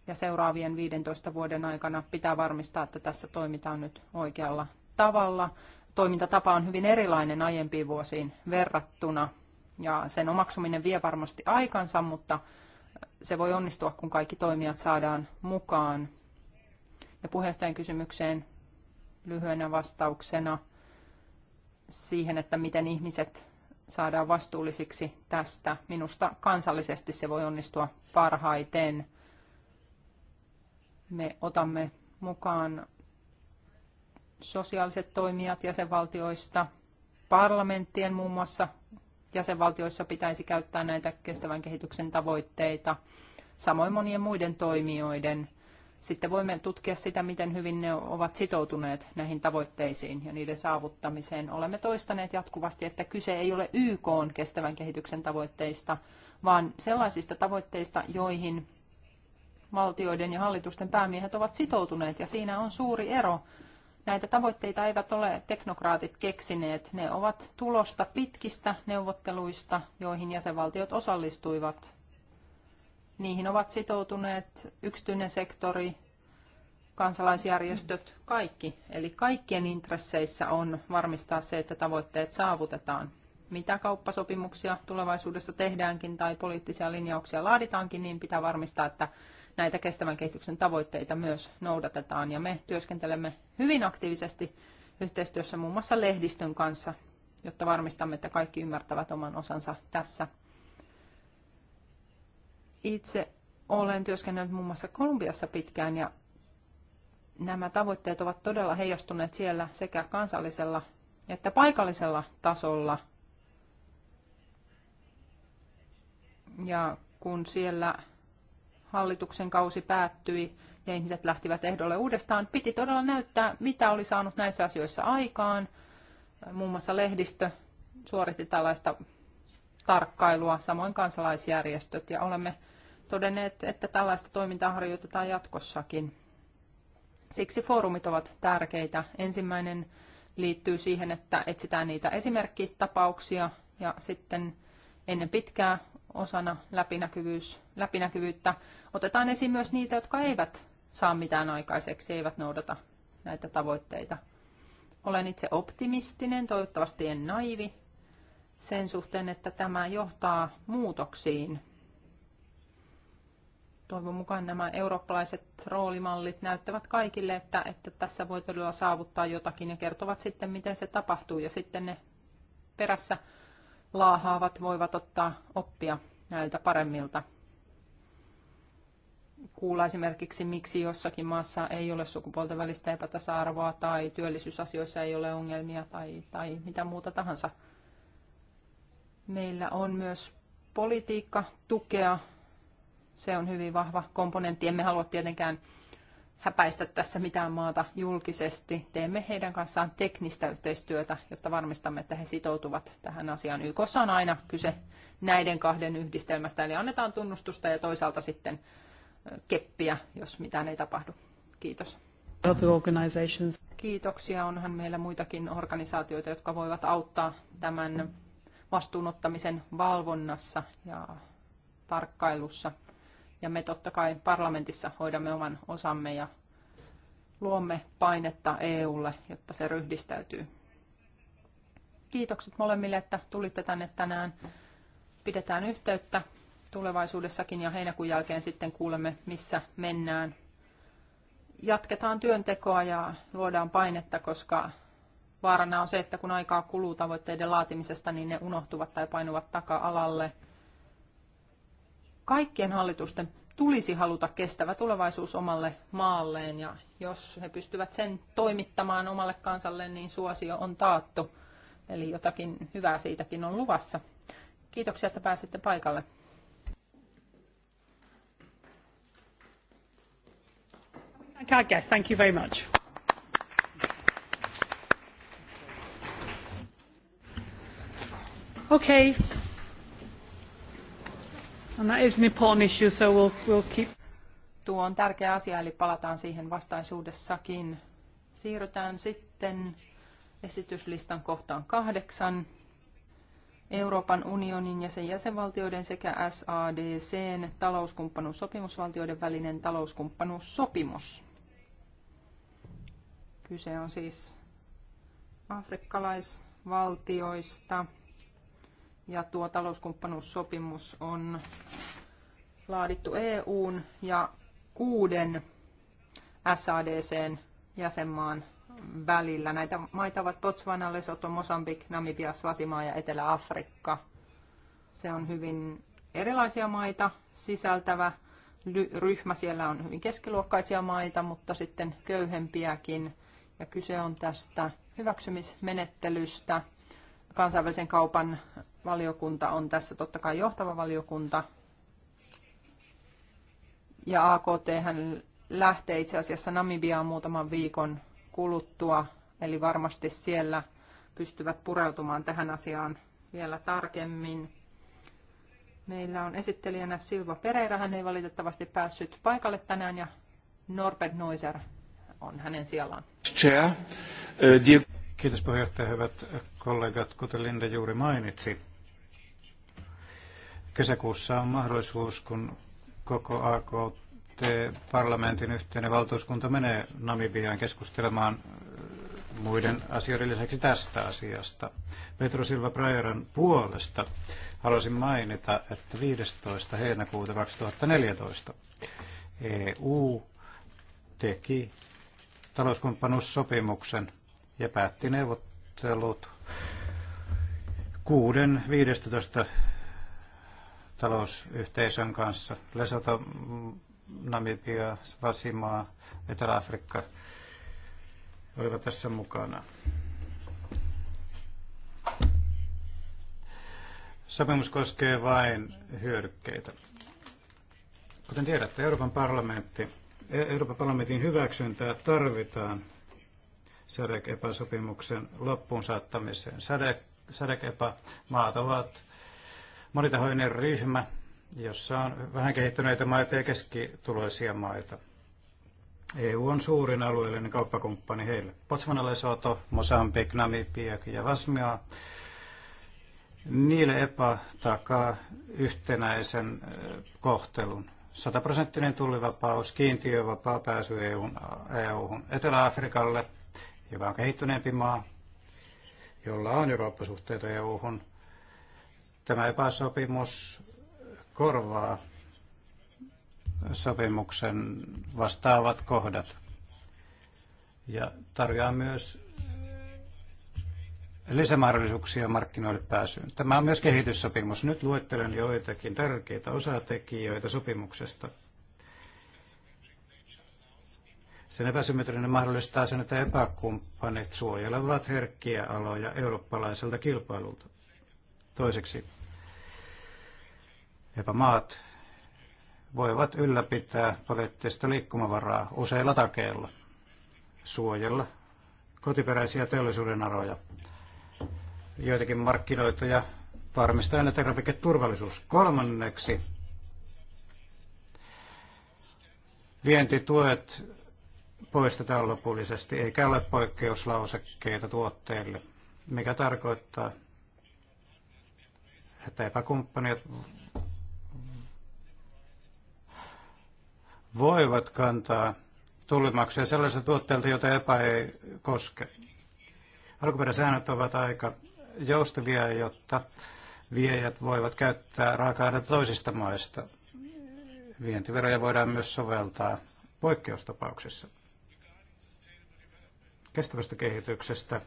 ja seuraavien 15 vuoden aikana pitää varmistaa, että tässä toimitaan nyt oikealla tavalla. Toimintatapa on hyvin erilainen aiempiin vuosiin verrattuna ja sen omaksuminen vie varmasti aikansa, mutta se voi onnistua, kun kaikki toimijat saadaan mukaan. Ja puheenjohtajan kysymykseen lyhyenä vastauksena siihen, että miten ihmiset saadaan vastuullisiksi tästä. Minusta kansallisesti se voi onnistua parhaiten. Me otamme mukaan sosiaaliset toimijat jäsenvaltioista, parlamenttien muun muassa jäsenvaltioissa pitäisi käyttää näitä kestävän kehityksen tavoitteita, samoin monien muiden toimijoiden – sitten voimme tutkia sitä, miten hyvin ne ovat sitoutuneet näihin tavoitteisiin ja niiden saavuttamiseen. Olemme toistaneet jatkuvasti, että kyse ei ole YK on kestävän kehityksen tavoitteista, vaan sellaisista tavoitteista, joihin valtioiden ja hallitusten päämiehet ovat sitoutuneet, ja siinä on suuri ero. Näitä tavoitteita eivät ole teknokraatit keksineet. Ne ovat tulosta pitkistä neuvotteluista, joihin jäsenvaltiot osallistuivat Niihin ovat sitoutuneet yksityinen sektori, kansalaisjärjestöt, kaikki. Eli kaikkien intresseissä on varmistaa se, että tavoitteet saavutetaan. Mitä kauppasopimuksia tulevaisuudessa tehdäänkin tai poliittisia linjauksia laaditaankin, niin pitää varmistaa, että näitä kestävän kehityksen tavoitteita myös noudatetaan. Ja me työskentelemme hyvin aktiivisesti yhteistyössä muun muassa lehdistön kanssa, jotta varmistamme, että kaikki ymmärtävät oman osansa tässä itse olen työskennellyt muun muassa Kolumbiassa pitkään ja nämä tavoitteet ovat todella heijastuneet siellä sekä kansallisella että paikallisella tasolla. Ja kun siellä hallituksen kausi päättyi ja ihmiset lähtivät ehdolle uudestaan, piti todella näyttää, mitä oli saanut näissä asioissa aikaan. Muun muassa lehdistö suoritti tällaista tarkkailua, samoin kansalaisjärjestöt, ja olemme todenneet, että tällaista toimintaa harjoitetaan jatkossakin. Siksi foorumit ovat tärkeitä. Ensimmäinen liittyy siihen, että etsitään niitä esimerkkitapauksia ja sitten ennen pitkää osana läpinäkyvyys, läpinäkyvyyttä otetaan esiin myös niitä, jotka eivät saa mitään aikaiseksi, eivät noudata näitä tavoitteita. Olen itse optimistinen, toivottavasti en naivi, sen suhteen, että tämä johtaa muutoksiin toivon mukaan nämä eurooppalaiset roolimallit näyttävät kaikille, että, että tässä voi todella saavuttaa jotakin ja kertovat sitten, miten se tapahtuu. Ja sitten ne perässä laahaavat voivat ottaa oppia näiltä paremmilta. Kuulla esimerkiksi, miksi jossakin maassa ei ole sukupuolten välistä epätasa-arvoa tai työllisyysasioissa ei ole ongelmia tai, tai mitä muuta tahansa. Meillä on myös politiikka tukea se on hyvin vahva komponentti. Emme halua tietenkään häpäistä tässä mitään maata julkisesti. Teemme heidän kanssaan teknistä yhteistyötä, jotta varmistamme, että he sitoutuvat tähän asiaan. YK on aina kyse näiden kahden yhdistelmästä, eli annetaan tunnustusta ja toisaalta sitten keppiä, jos mitään ei tapahdu. Kiitos. Kiitoksia. Onhan meillä muitakin organisaatioita, jotka voivat auttaa tämän vastuunottamisen valvonnassa ja tarkkailussa. Ja me totta kai parlamentissa hoidamme oman osamme ja luomme painetta EUlle, jotta se ryhdistäytyy. Kiitokset molemmille, että tulitte tänne tänään. Pidetään yhteyttä tulevaisuudessakin ja heinäkuun jälkeen sitten kuulemme, missä mennään. Jatketaan työntekoa ja luodaan painetta, koska vaarana on se, että kun aikaa kuluu tavoitteiden laatimisesta, niin ne unohtuvat tai painuvat taka-alalle – Kaikkien hallitusten tulisi haluta kestävä tulevaisuus omalle maalleen ja jos he pystyvät sen toimittamaan omalle kansalle, niin suosio on taattu. Eli jotakin hyvää siitäkin on luvassa. Kiitoksia, että pääsitte paikalle. thank you very much. Okay. Tuo on tärkeä asia, eli palataan siihen vastaisuudessakin. Siirrytään sitten esityslistan kohtaan kahdeksan. Euroopan unionin ja sen jäsenvaltioiden sekä SADCn talouskumppanuussopimusvaltioiden välinen talouskumppanuussopimus. Kyse on siis afrikkalaisvaltioista – ja tuo talouskumppanuussopimus on laadittu EUn ja kuuden SADCn jäsenmaan välillä. Näitä maita ovat Botswana, Lesotho, Mosambik, Namibia, Svasimaa ja Etelä-Afrikka. Se on hyvin erilaisia maita sisältävä ryhmä. Siellä on hyvin keskiluokkaisia maita, mutta sitten köyhempiäkin. Ja kyse on tästä hyväksymismenettelystä kansainvälisen kaupan valiokunta on tässä totta kai johtava valiokunta. Ja AKT hän lähtee itse asiassa Namibiaan muutaman viikon kuluttua, eli varmasti siellä pystyvät pureutumaan tähän asiaan vielä tarkemmin. Meillä on esittelijänä Silva Pereira, hän ei valitettavasti päässyt paikalle tänään, ja Norbert Noiser on hänen sijallaan. Chair, uh, Kiitos puheenjohtaja, hyvät kollegat, kuten Linda juuri mainitsi. Kesäkuussa on mahdollisuus, kun koko AKT-parlamentin yhteinen valtuuskunta menee Namibiaan keskustelemaan äh, muiden asioiden lisäksi tästä asiasta. Petro Silva Prajeran puolesta haluaisin mainita, että 15. heinäkuuta 2014 EU teki talouskumppanuussopimuksen ja päätti neuvottelut kuuden 15 talousyhteisön kanssa. Lesotho, Namibia, Vasimaa, Etelä-Afrikka olivat tässä mukana. Sopimus koskee vain hyödykkeitä. Kuten tiedätte, Euroopan, parlamentti, Euroopan parlamentin hyväksyntää tarvitaan SADEC-epäsopimuksen loppuun saattamiseen. SADEC, epämaat ovat monitahoinen ryhmä, jossa on vähän kehittyneitä maita ja keskituloisia maita. EU on suurin alueellinen kauppakumppani heille. Botswana, Lesotho, Mosambik, Namibia ja Vasmia. Niille EPA takaa yhtenäisen kohtelun. Sataprosenttinen tullivapaus, kiintiövapaa pääsy EU:hun EU-hun. Etelä-Afrikalle, joka on kehittyneempi maa, jolla on Eurooppa suhteita EU-hun. Tämä epäsopimus korvaa sopimuksen vastaavat kohdat ja tarjoaa myös lisämahdollisuuksia markkinoille pääsyyn. Tämä on myös kehityssopimus. Nyt luettelen joitakin tärkeitä osatekijöitä sopimuksesta. Sen epäsymmetrinen mahdollistaa sen, että epäkumppanit suojelevat herkkiä aloja eurooppalaiselta kilpailulta. Toiseksi, jopa maat voivat ylläpitää poliittista liikkumavaraa useilla takeilla, suojella kotiperäisiä teollisuuden aroja, joitakin markkinoita ja varmistaa elintarviketurvallisuus. Kolmanneksi, vientituet poistetaan lopullisesti, eikä ole poikkeuslausekkeita tuotteille, mikä tarkoittaa että epäkumppanit voivat kantaa tullimaksuja sellaisilta tuotteilta, joita epä ei koske. Alkuperäsäännöt ovat aika joustavia, jotta viejät voivat käyttää raaka-aineita toisista maista. Vientiveroja voidaan myös soveltaa poikkeustapauksissa. Kestävästä kehityksestä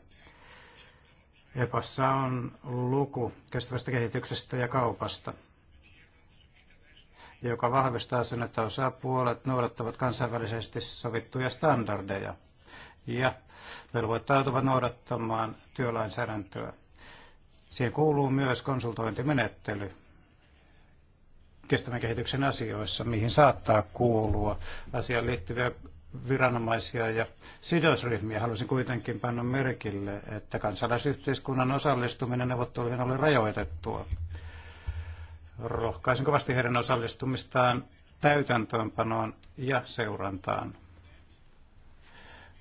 EPassa on luku kestävästä kehityksestä ja kaupasta, joka vahvistaa sen, että osapuolet noudattavat kansainvälisesti sovittuja standardeja ja velvoittautuvat noudattamaan työlainsäädäntöä. Siihen kuuluu myös konsultointimenettely kestävän kehityksen asioissa, mihin saattaa kuulua asiaan liittyviä viranomaisia ja sidosryhmiä. Halusin kuitenkin panna merkille, että kansalaisyhteiskunnan osallistuminen neuvotteluihin oli rajoitettua. Rohkaisin kovasti heidän osallistumistaan täytäntöönpanoon ja seurantaan.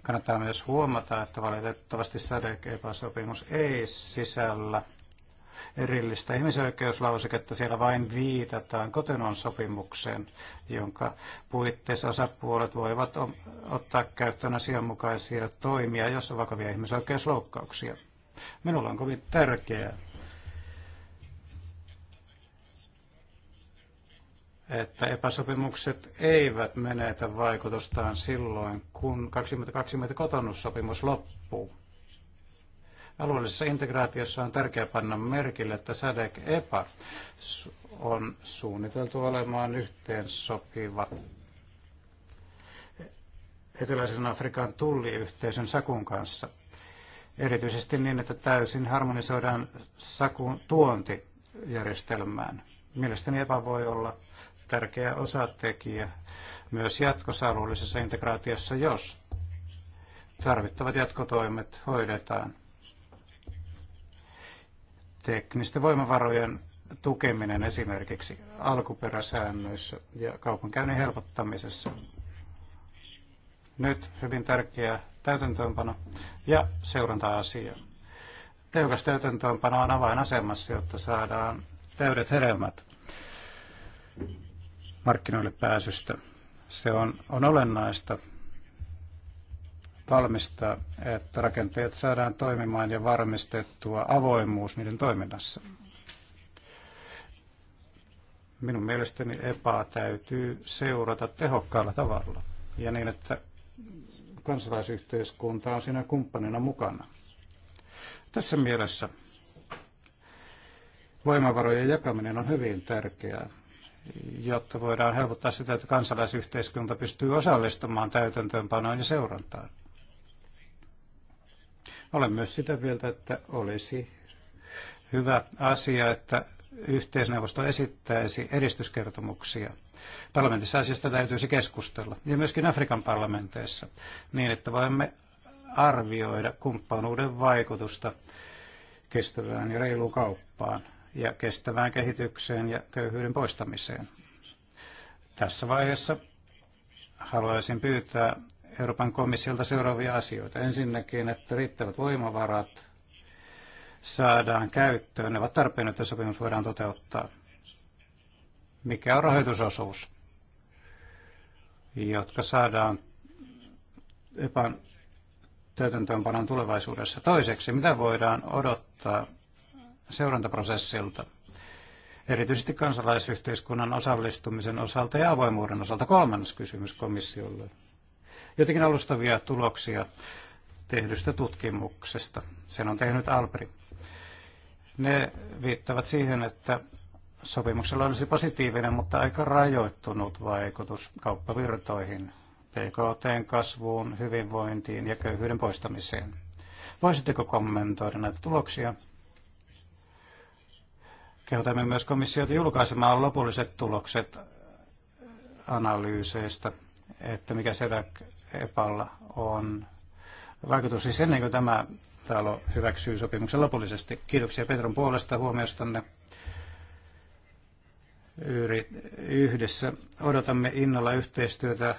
Kannattaa myös huomata, että valitettavasti SADEC-sopimus ei sisällä erillistä ihmisoikeuslauseketta. Siellä vain viitataan kotenon sopimukseen, jonka puitteissa osapuolet voivat ottaa käyttöön asianmukaisia toimia, jos on vakavia ihmisoikeusloukkauksia. Minulla on kovin tärkeää, että epäsopimukset eivät menetä vaikutustaan silloin, kun 2020 kotonnussopimus loppuu. Alueellisessa integraatiossa on tärkeää panna merkille, että SADEC EPA on suunniteltu olemaan yhteen sopiva eteläisen Afrikan tulliyhteisön Sakun kanssa. Erityisesti niin, että täysin harmonisoidaan Sakun tuontijärjestelmään. Mielestäni EPA voi olla tärkeä osatekijä myös jatkossa alueellisessa integraatiossa, jos tarvittavat jatkotoimet hoidetaan teknisten voimavarojen tukeminen esimerkiksi alkuperäsäännöissä ja kaupankäynnin helpottamisessa. Nyt hyvin tärkeä täytäntöönpano ja seuranta-asia. Tehokas täytäntöönpano on avainasemassa, jotta saadaan täydet hedelmät markkinoille pääsystä. Se on, on olennaista valmistaa, että rakenteet saadaan toimimaan ja varmistettua avoimuus niiden toiminnassa. Minun mielestäni EPA täytyy seurata tehokkaalla tavalla ja niin, että kansalaisyhteiskunta on siinä kumppanina mukana. Tässä mielessä voimavarojen jakaminen on hyvin tärkeää, jotta voidaan helpottaa sitä, että kansalaisyhteiskunta pystyy osallistumaan täytäntöönpanoon ja seurantaan. Olen myös sitä mieltä, että olisi hyvä asia, että yhteisneuvosto esittäisi edistyskertomuksia. Parlamentissa asiasta täytyisi keskustella, ja myöskin Afrikan parlamenteissa, niin että voimme arvioida kumppanuuden vaikutusta kestävään ja reiluun kauppaan ja kestävään kehitykseen ja köyhyyden poistamiseen. Tässä vaiheessa haluaisin pyytää Euroopan komissiolta seuraavia asioita. Ensinnäkin, että riittävät voimavarat saadaan käyttöön. Ne ovat tarpeen, että sopimus voidaan toteuttaa. Mikä on rahoitusosuus, jotka saadaan epän täytäntöönpanon tulevaisuudessa? Toiseksi, mitä voidaan odottaa seurantaprosessilta? erityisesti kansalaisyhteiskunnan osallistumisen osalta ja avoimuuden osalta. Kolmannes kysymys komissiolle jotenkin alustavia tuloksia tehdystä tutkimuksesta. Sen on tehnyt Alpri. Ne viittavat siihen, että sopimuksella olisi positiivinen, mutta aika rajoittunut vaikutus kauppavirtoihin, PKTn kasvuun, hyvinvointiin ja köyhyyden poistamiseen. Voisitteko kommentoida näitä tuloksia? Kehotamme myös komissiota julkaisemaan lopulliset tulokset analyyseistä, että mikä SEDAC EPAlla on vaikutus siis ennen kuin tämä talo hyväksyy sopimuksen lopullisesti. Kiitoksia Petron puolesta huomiostanne. Yhdessä odotamme innolla yhteistyötä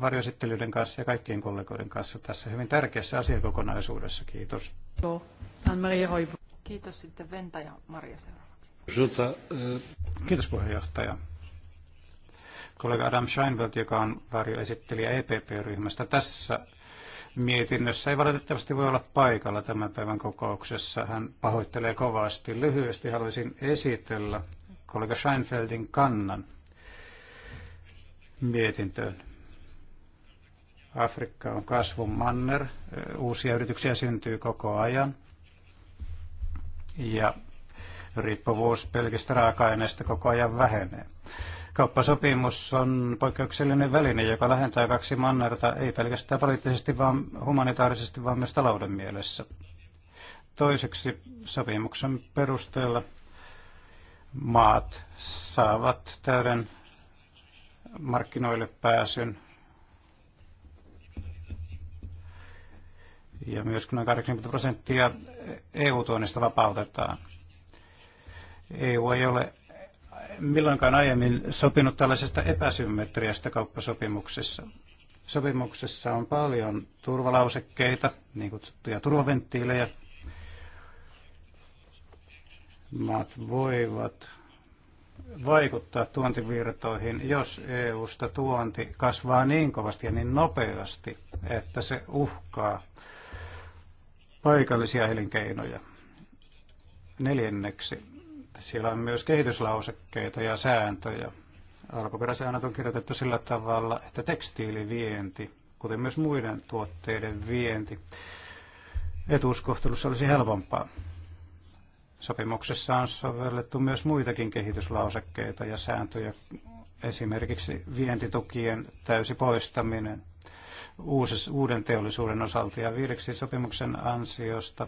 varjosittelyiden kanssa ja kaikkien kollegoiden kanssa tässä hyvin tärkeässä asiakokonaisuudessa. Kiitos. Kiitos sitten Venta ja Maria seuraavaksi. Kiitos puheenjohtaja kollega Adam Scheinwelt, joka on varjoesittelijä EPP-ryhmästä tässä mietinnössä. Ei valitettavasti voi olla paikalla tämän päivän kokouksessa. Hän pahoittelee kovasti. Lyhyesti haluaisin esitellä kollega Scheinfeldin kannan mietintöön. Afrikka on kasvun manner. Uusia yrityksiä syntyy koko ajan. Ja riippuvuus pelkistä raaka-aineista koko ajan vähenee. Kauppasopimus on poikkeuksellinen väline, joka lähentää kaksi mannerta ei pelkästään poliittisesti, vaan humanitaarisesti, vaan myös talouden mielessä. Toiseksi sopimuksen perusteella maat saavat täyden markkinoille pääsyn. Ja myös noin 80 prosenttia EU-tuonnista vapautetaan. EU ei ole milloinkaan aiemmin sopinut tällaisesta epäsymmetriasta kauppasopimuksessa. Sopimuksessa on paljon turvalausekkeita, niin kutsuttuja turvaventtiilejä. Maat voivat vaikuttaa tuontivirtoihin, jos EUsta tuonti kasvaa niin kovasti ja niin nopeasti, että se uhkaa paikallisia elinkeinoja. Neljänneksi siellä on myös kehityslausekkeita ja sääntöjä. Alkuperäsäännöt on kirjoitettu sillä tavalla, että tekstiilivienti, kuten myös muiden tuotteiden vienti, etuuskohtelussa olisi helpompaa. Sopimuksessa on sovellettu myös muitakin kehityslausekkeita ja sääntöjä, esimerkiksi vientitukien täysi poistaminen uusis, uuden teollisuuden osalta. Ja viideksi sopimuksen ansiosta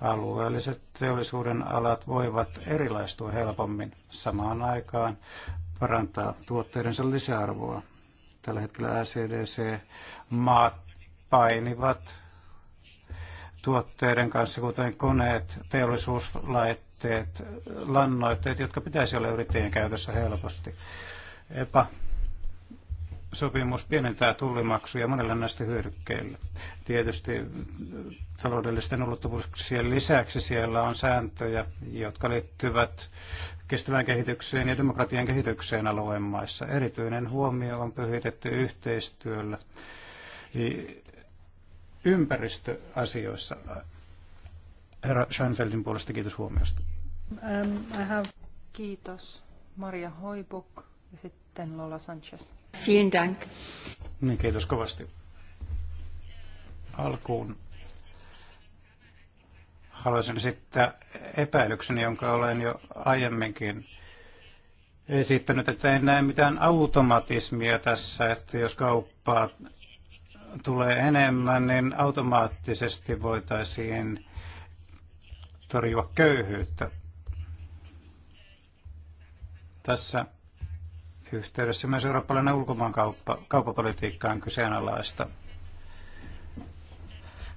alueelliset teollisuuden alat voivat erilaistua helpommin samaan aikaan parantaa tuotteidensa lisäarvoa. Tällä hetkellä ACDC-maat painivat tuotteiden kanssa, kuten koneet, teollisuuslaitteet, lannoitteet, jotka pitäisi olla yrittäjien käytössä helposti. EPA sopimus pienentää tullimaksuja monelle näistä hyödykkeillä. Tietysti taloudellisten ulottuvuuksien lisäksi siellä on sääntöjä, jotka liittyvät kestävään kehitykseen ja demokratian kehitykseen alueen maissa. Erityinen huomio on pyhitetty yhteistyöllä ympäristöasioissa. Herra Scheinfeldin puolesta kiitos huomiosta. Um, have... Kiitos Maria Hoibuk ja sitten Lola Sanchez. Vielen dank. Niin, kiitos kovasti. Alkuun haluaisin esittää epäilykseni, jonka olen jo aiemminkin esittänyt, että en näe mitään automatismia tässä, että jos kauppaa tulee enemmän, niin automaattisesti voitaisiin torjua köyhyyttä. Tässä yhteydessä myös eurooppalainen ulkomaankauppapolitiikka on kyseenalaista.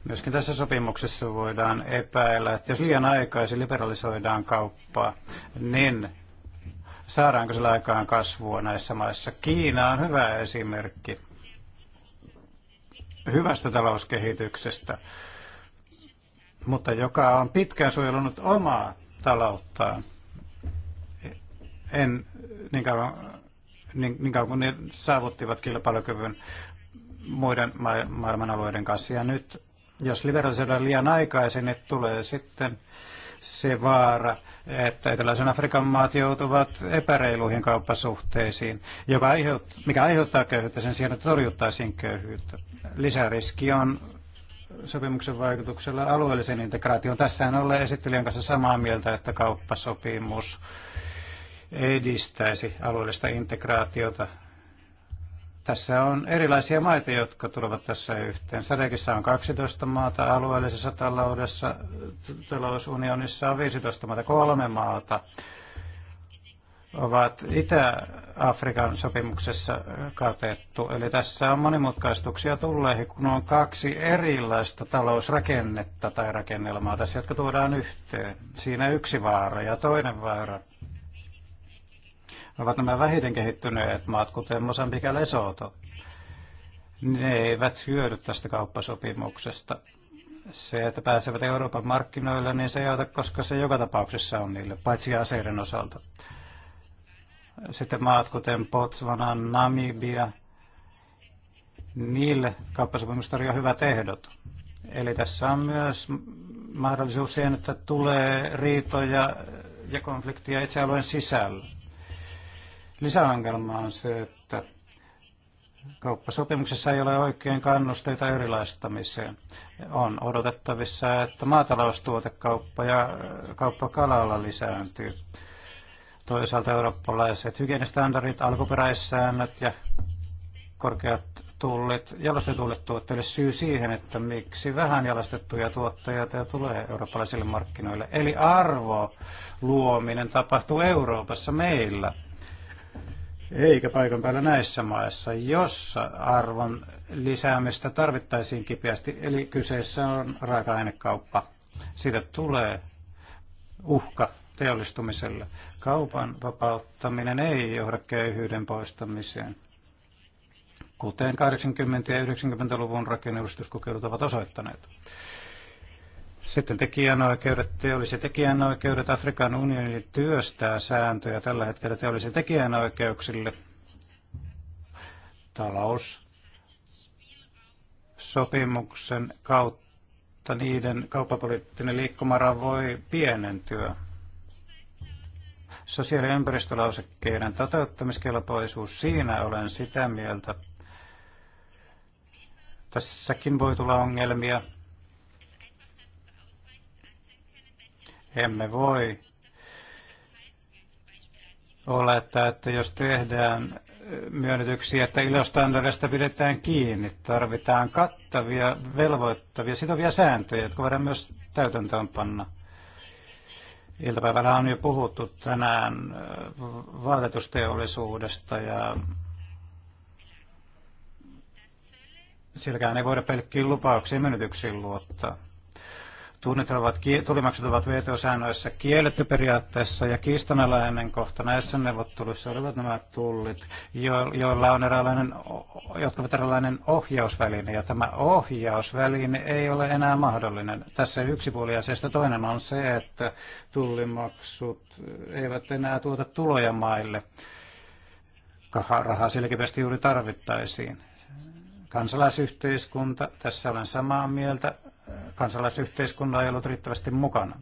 Myöskin tässä sopimuksessa voidaan epäillä, että jos liian aikaisin liberalisoidaan kauppaa, niin saadaanko sillä aikaan kasvua näissä maissa. Kiina on hyvä esimerkki hyvästä talouskehityksestä, mutta joka on pitkään suojelunut omaa talouttaan. En niin kauan niin, niin kauan kuin ne saavuttivat kilpailukyvyn muiden ma- maailmanalueiden alueiden kanssa. Ja nyt, jos liberalisoidaan liian aikaisin, niin tulee sitten se vaara, että eteläisen Afrikan maat joutuvat epäreiluihin kauppasuhteisiin, joka aiheut, mikä aiheuttaa köyhyyttä sen sijaan, että torjuttaisiin köyhyyttä. Lisäriski on sopimuksen vaikutuksella alueellisen integraation. Tässä en ole esittelijän kanssa samaa mieltä, että kauppasopimus edistäisi alueellista integraatiota. Tässä on erilaisia maita, jotka tulevat tässä yhteen. Sadekissa on 12 maata, alueellisessa taloudessa, talousunionissa on 15 maata, kolme maata ovat Itä-Afrikan sopimuksessa katettu. Eli tässä on monimutkaistuksia tulleihin, kun on kaksi erilaista talousrakennetta tai rakennelmaa tässä, jotka tuodaan yhteen. Siinä yksi vaara ja toinen vaara ovat nämä vähiten kehittyneet maat, kuten Mosambik ja Lesoto. Ne eivät hyödy tästä kauppasopimuksesta. Se, että pääsevät Euroopan markkinoille, niin se ei auta, koska se joka tapauksessa on niille, paitsi aseiden osalta. Sitten maat kuten Botswana, Namibia, niille kauppasopimus tarjoaa hyvät ehdot. Eli tässä on myös mahdollisuus siihen, että tulee riitoja ja konfliktia itse alueen sisällä. Lisäongelma on se, että kauppasopimuksessa ei ole oikein kannusteita erilaistamiseen. On odotettavissa, että maataloustuotekauppa ja äh, kauppa kalalla lisääntyy. Toisaalta eurooppalaiset hygienistandardit, alkuperäissäännöt ja korkeat tullit, jalostetulle tuotteille syy siihen, että miksi vähän jalostettuja tuotteita tulee eurooppalaisille markkinoille. Eli arvo luominen tapahtuu Euroopassa meillä eikä paikan päällä näissä maissa, jossa arvon lisäämistä tarvittaisiin kipeästi. Eli kyseessä on raaka-ainekauppa. Siitä tulee uhka teollistumiselle. Kaupan vapauttaminen ei johda köyhyyden poistamiseen, kuten 80- ja 90-luvun rakenneuudistuskokeilut ovat osoittaneet. Sitten tekijänoikeudet, teolliset tekijänoikeudet. Afrikan unioni työstää sääntöjä tällä hetkellä teollisille tekijänoikeuksille. Talous sopimuksen kautta niiden kauppapoliittinen liikkumara voi pienentyä. Sosiaali- ja ympäristölausekkeiden toteuttamiskelpoisuus, siinä olen sitä mieltä. Tässäkin voi tulla ongelmia Emme voi olettaa, että jos tehdään myönnytyksiä, että ilostandardista pidetään kiinni. Tarvitaan kattavia, velvoittavia, sitovia sääntöjä, jotka voidaan myös täytäntöön panna. Iltapäivällä on jo puhuttu tänään äh, vaatetusteollisuudesta ja silläkään ei voida pelkkiin lupauksiin menetyksiin luottaa. Tunnit ovat, tulimaksut ovat VTO-säännöissä kielletty periaatteessa ja kiistanalainen kohta näissä neuvotteluissa olivat nämä tullit, jo, joilla on eräänlainen, jotka ovat eräänlainen ohjausväline ja tämä ohjausväline ei ole enää mahdollinen. Tässä yksipuoliasiasta toinen on se, että tullimaksut eivät enää tuota tuloja maille. Rahaa selkeästi juuri tarvittaisiin kansalaisyhteiskunta, tässä olen samaa mieltä, kansalaisyhteiskunta ei ollut riittävästi mukana.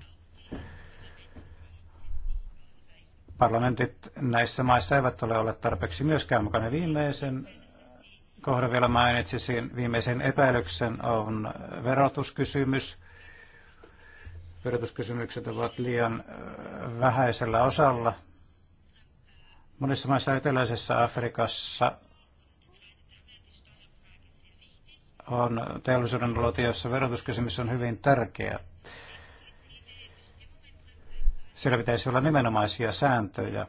Parlamentit näissä maissa eivät ole olleet tarpeeksi myöskään mukana. Viimeisen kohdan vielä mainitsisin. Viimeisen epäilyksen on verotuskysymys. Verotuskysymykset ovat liian vähäisellä osalla Monissa maissa eteläisessä Afrikassa on teollisuuden alat, joissa verotuskysymys on hyvin tärkeä. Siellä pitäisi olla nimenomaisia sääntöjä,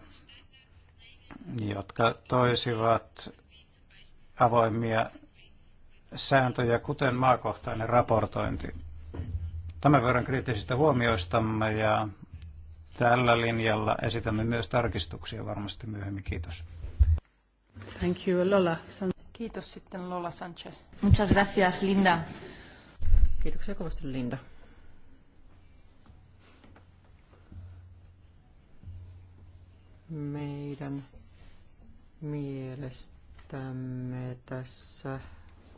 jotka toisivat avoimia sääntöjä, kuten maakohtainen raportointi. Tämän verran kriittisistä huomioistamme ja tällä linjalla esitämme myös tarkistuksia varmasti myöhemmin. Kiitos. Thank you, Lola. Kiitos sitten Lola Sanchez. Muchas gracias, Linda. Kiitoksia kovasti, Linda. Meidän mielestämme tässä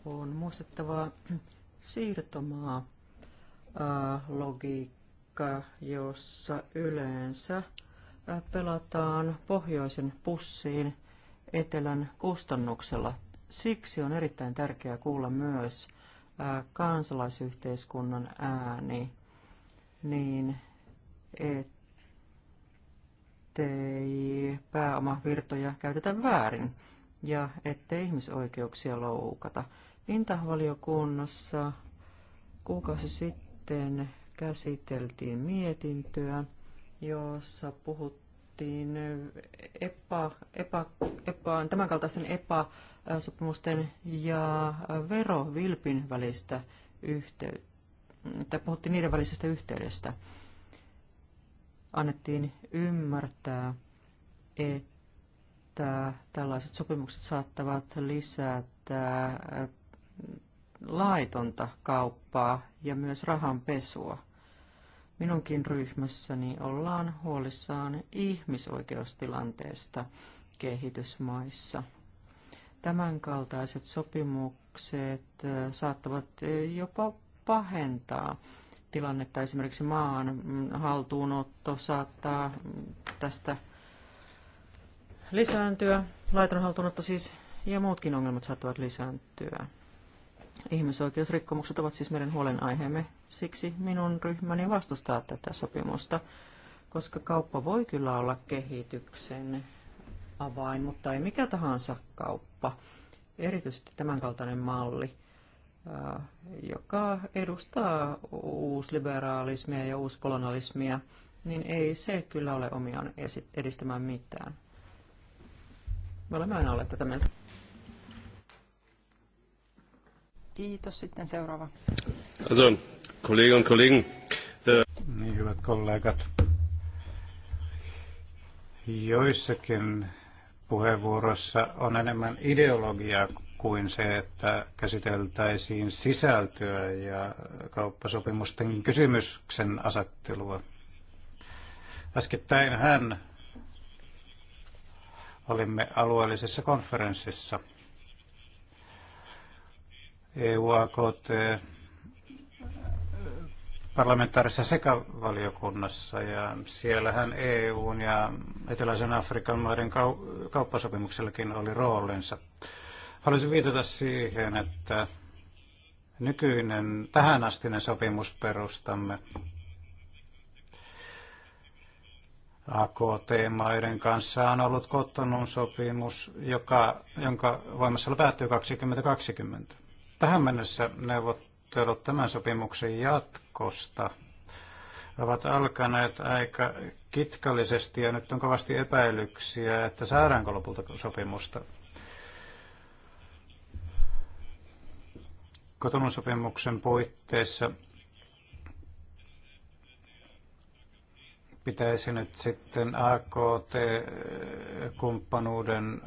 on muistettavaa siirtomaa logiikka, jossa yleensä pelataan pohjoisen pussiin etelän kustannuksella Siksi on erittäin tärkeää kuulla myös kansalaisyhteiskunnan ääni, niin ettei pääomavirtoja käytetä väärin ja ettei ihmisoikeuksia loukata. Intahvaliokunnassa kuukausi sitten käsiteltiin mietintöä, jossa puhuttiin epä, epä, epä, tämänkaltaisen epä, sopimusten ja verovilpin välistä yhteyttä, puhuttiin niiden välisestä yhteydestä. Annettiin ymmärtää, että tällaiset sopimukset saattavat lisätä laitonta kauppaa ja myös rahanpesua. Minunkin ryhmässäni ollaan huolissaan ihmisoikeustilanteesta kehitysmaissa. Tämänkaltaiset sopimukset saattavat jopa pahentaa tilannetta. Esimerkiksi maan mm, haltuunotto saattaa mm, tästä lisääntyä. Laiton haltuunotto siis ja muutkin ongelmat saattavat lisääntyä. Ihmisoikeusrikkomukset ovat siis meidän huolenaiheemme. Siksi minun ryhmäni vastustaa tätä sopimusta, koska kauppa voi kyllä olla kehityksen avain, mutta ei mikä tahansa kauppa. Erityisesti tämänkaltainen malli, äh, joka edustaa uusliberaalismia ja uuskolonialismia, niin ei se kyllä ole omiaan edistämään mitään. Me olemme aina olleet tätä mieltä. Kiitos. Sitten seuraava. Also, Kollegen, Kollegen. Äh, niin, hyvät kollegat. Joissakin puheenvuorossa on enemmän ideologiaa kuin se, että käsiteltäisiin sisältöä ja kauppasopimusten kysymyksen asettelua. Äskettäin hän olimme alueellisessa konferenssissa EU-AKT parlamentaarisessa sekavaliokunnassa ja siellähän EUn ja Eteläisen Afrikan maiden kauppasopimuksellakin oli roolinsa. Haluaisin viitata siihen, että nykyinen tähänastinen sopimusperustamme AKT-maiden kanssa on ollut Kottonun sopimus, joka, jonka voimassaolo päättyy 2020. Tähän mennessä neuvot neuvottelut tämän sopimuksen jatkosta ovat alkaneet aika kitkallisesti ja nyt on kovasti epäilyksiä, että saadaanko lopulta sopimusta. Kotonun sopimuksen puitteissa pitäisi nyt sitten AKT-kumppanuuden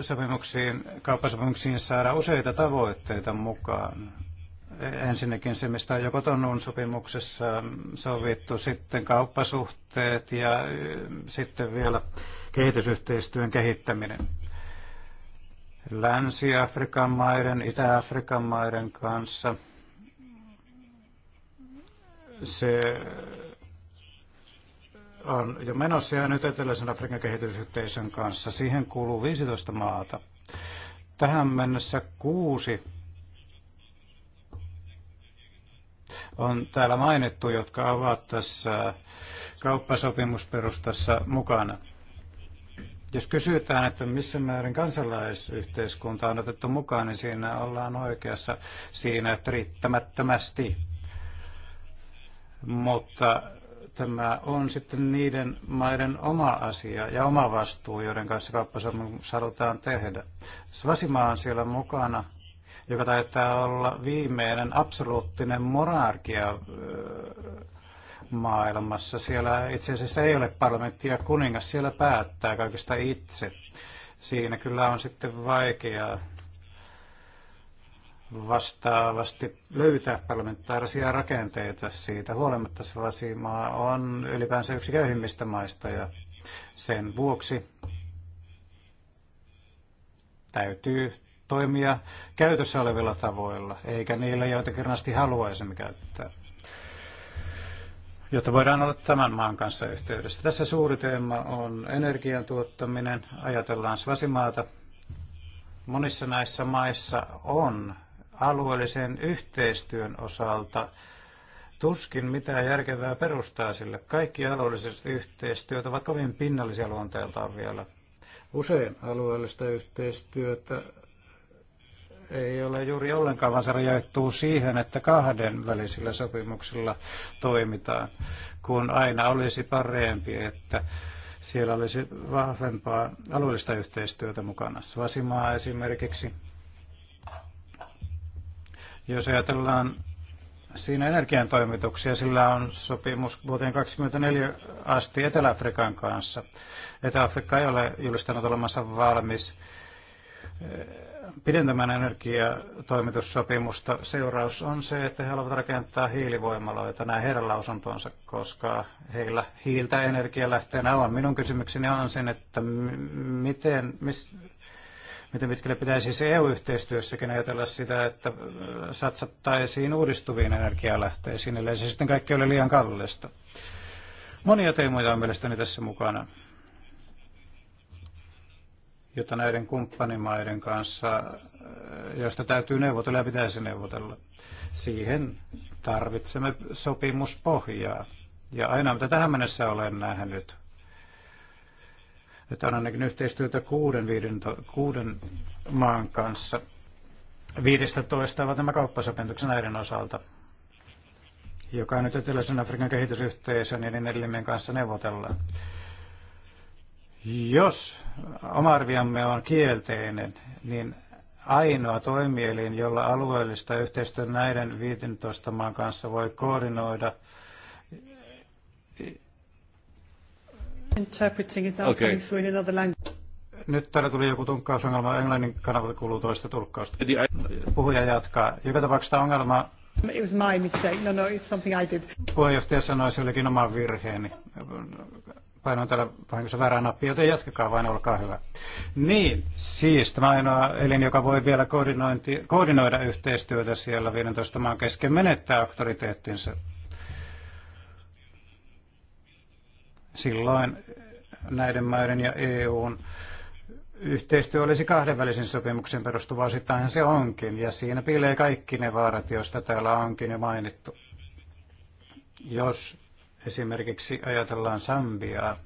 sopimuksiin, kauppasopimuksiin saada useita tavoitteita mukaan. Ensinnäkin se, mistä on jo kotonun sopimuksessa sovittu, sitten kauppasuhteet ja sitten vielä kehitysyhteistyön kehittäminen. Länsi-Afrikan maiden, Itä-Afrikan maiden kanssa. Se on jo menossa ja nyt Eteläisen Afrikan kehitysyhteisön kanssa. Siihen kuuluu 15 maata. Tähän mennessä kuusi on täällä mainittu, jotka ovat tässä kauppasopimusperustassa mukana. Jos kysytään, että missä määrin kansalaisyhteiskunta on otettu mukaan, niin siinä ollaan oikeassa siinä, että riittämättömästi. Mutta tämä on sitten niiden maiden oma asia ja oma vastuu, joiden kanssa kauppasopimus halutaan tehdä. Svasima on siellä mukana, joka taitaa olla viimeinen absoluuttinen monarkia maailmassa. Siellä itse asiassa ei ole parlamentti ja kuningas siellä päättää kaikista itse. Siinä kyllä on sitten vaikeaa vastaavasti löytää parlamentaarisia rakenteita siitä. Huolimatta Svasimaa on ylipäänsä yksi köyhimmistä maista ja sen vuoksi täytyy toimia käytössä olevilla tavoilla, eikä niillä, joita kirnasti haluaisimme käyttää jotta voidaan olla tämän maan kanssa yhteydessä. Tässä suuri teema on energian tuottaminen. Ajatellaan Svasimaata. Monissa näissä maissa on alueellisen yhteistyön osalta tuskin mitään järkevää perustaa sille. Kaikki alueelliset yhteistyöt ovat kovin pinnallisia luonteeltaan vielä. Usein alueellista yhteistyötä ei ole juuri ollenkaan, vaan se rajoittuu siihen, että kahden välisillä sopimuksilla toimitaan, kun aina olisi parempi, että siellä olisi vahvempaa alueellista yhteistyötä mukana. Svasimaa esimerkiksi jos ajatellaan siinä energian toimituksia, sillä on sopimus vuoteen 2024 asti Etelä-Afrikan kanssa. Etelä-Afrikka ei ole julistanut olemassa valmis eh, pidentämään energiatoimitussopimusta. Seuraus on se, että he haluavat rakentaa hiilivoimaloita, nämä heidän lausuntonsa, koska heillä hiiltä energialähteenä on. Minun kysymykseni on sen, että miten, mis, miten pitkälle pitäisi siis EU-yhteistyössäkin ajatella sitä, että satsattaisiin uudistuviin energialähteisiin, ellei se sitten kaikki ole liian kallista. Monia teemoja on mielestäni tässä mukana, jota näiden kumppanimaiden kanssa, joista täytyy neuvotella ja pitäisi neuvotella. Siihen tarvitsemme sopimuspohjaa. Ja aina mitä tähän mennessä olen nähnyt, että on ainakin yhteistyötä kuuden, viiden, kuuden maan kanssa. 15 ovat nämä kauppasopimukset näiden osalta, joka on nyt Eteläisen Afrikan kehitysyhteisön ja niin edelleen kanssa neuvotellaan. Jos oma arviamme on kielteinen, niin ainoa toimielin, jolla alueellista yhteistyötä näiden 15 maan kanssa voi koordinoida – Interpreting it okay. in another language. Nyt täällä tuli joku tunkkausongelma. Englannin kanavalta kuuluu toista tulkkausta. Puhuja jatkaa. Joka tapauksessa ongelma It was my mistake. No, no, it's something I did. Puheenjohtaja sanoi, että se olikin oma virheeni. Painoin täällä vahingossa väärää nappia, joten jatkakaa vain, olkaa hyvä. Niin, siis tämä ainoa elin, joka voi vielä koordinoida yhteistyötä siellä 15 maan kesken, menettää auktoriteettinsa Silloin näiden maiden ja EUn yhteistyö olisi kahdenvälisen sopimuksen perustuvaa, sitähän se onkin, ja siinä piilee kaikki ne vaarat, joista täällä onkin jo mainittu. Jos esimerkiksi ajatellaan Sambiaa,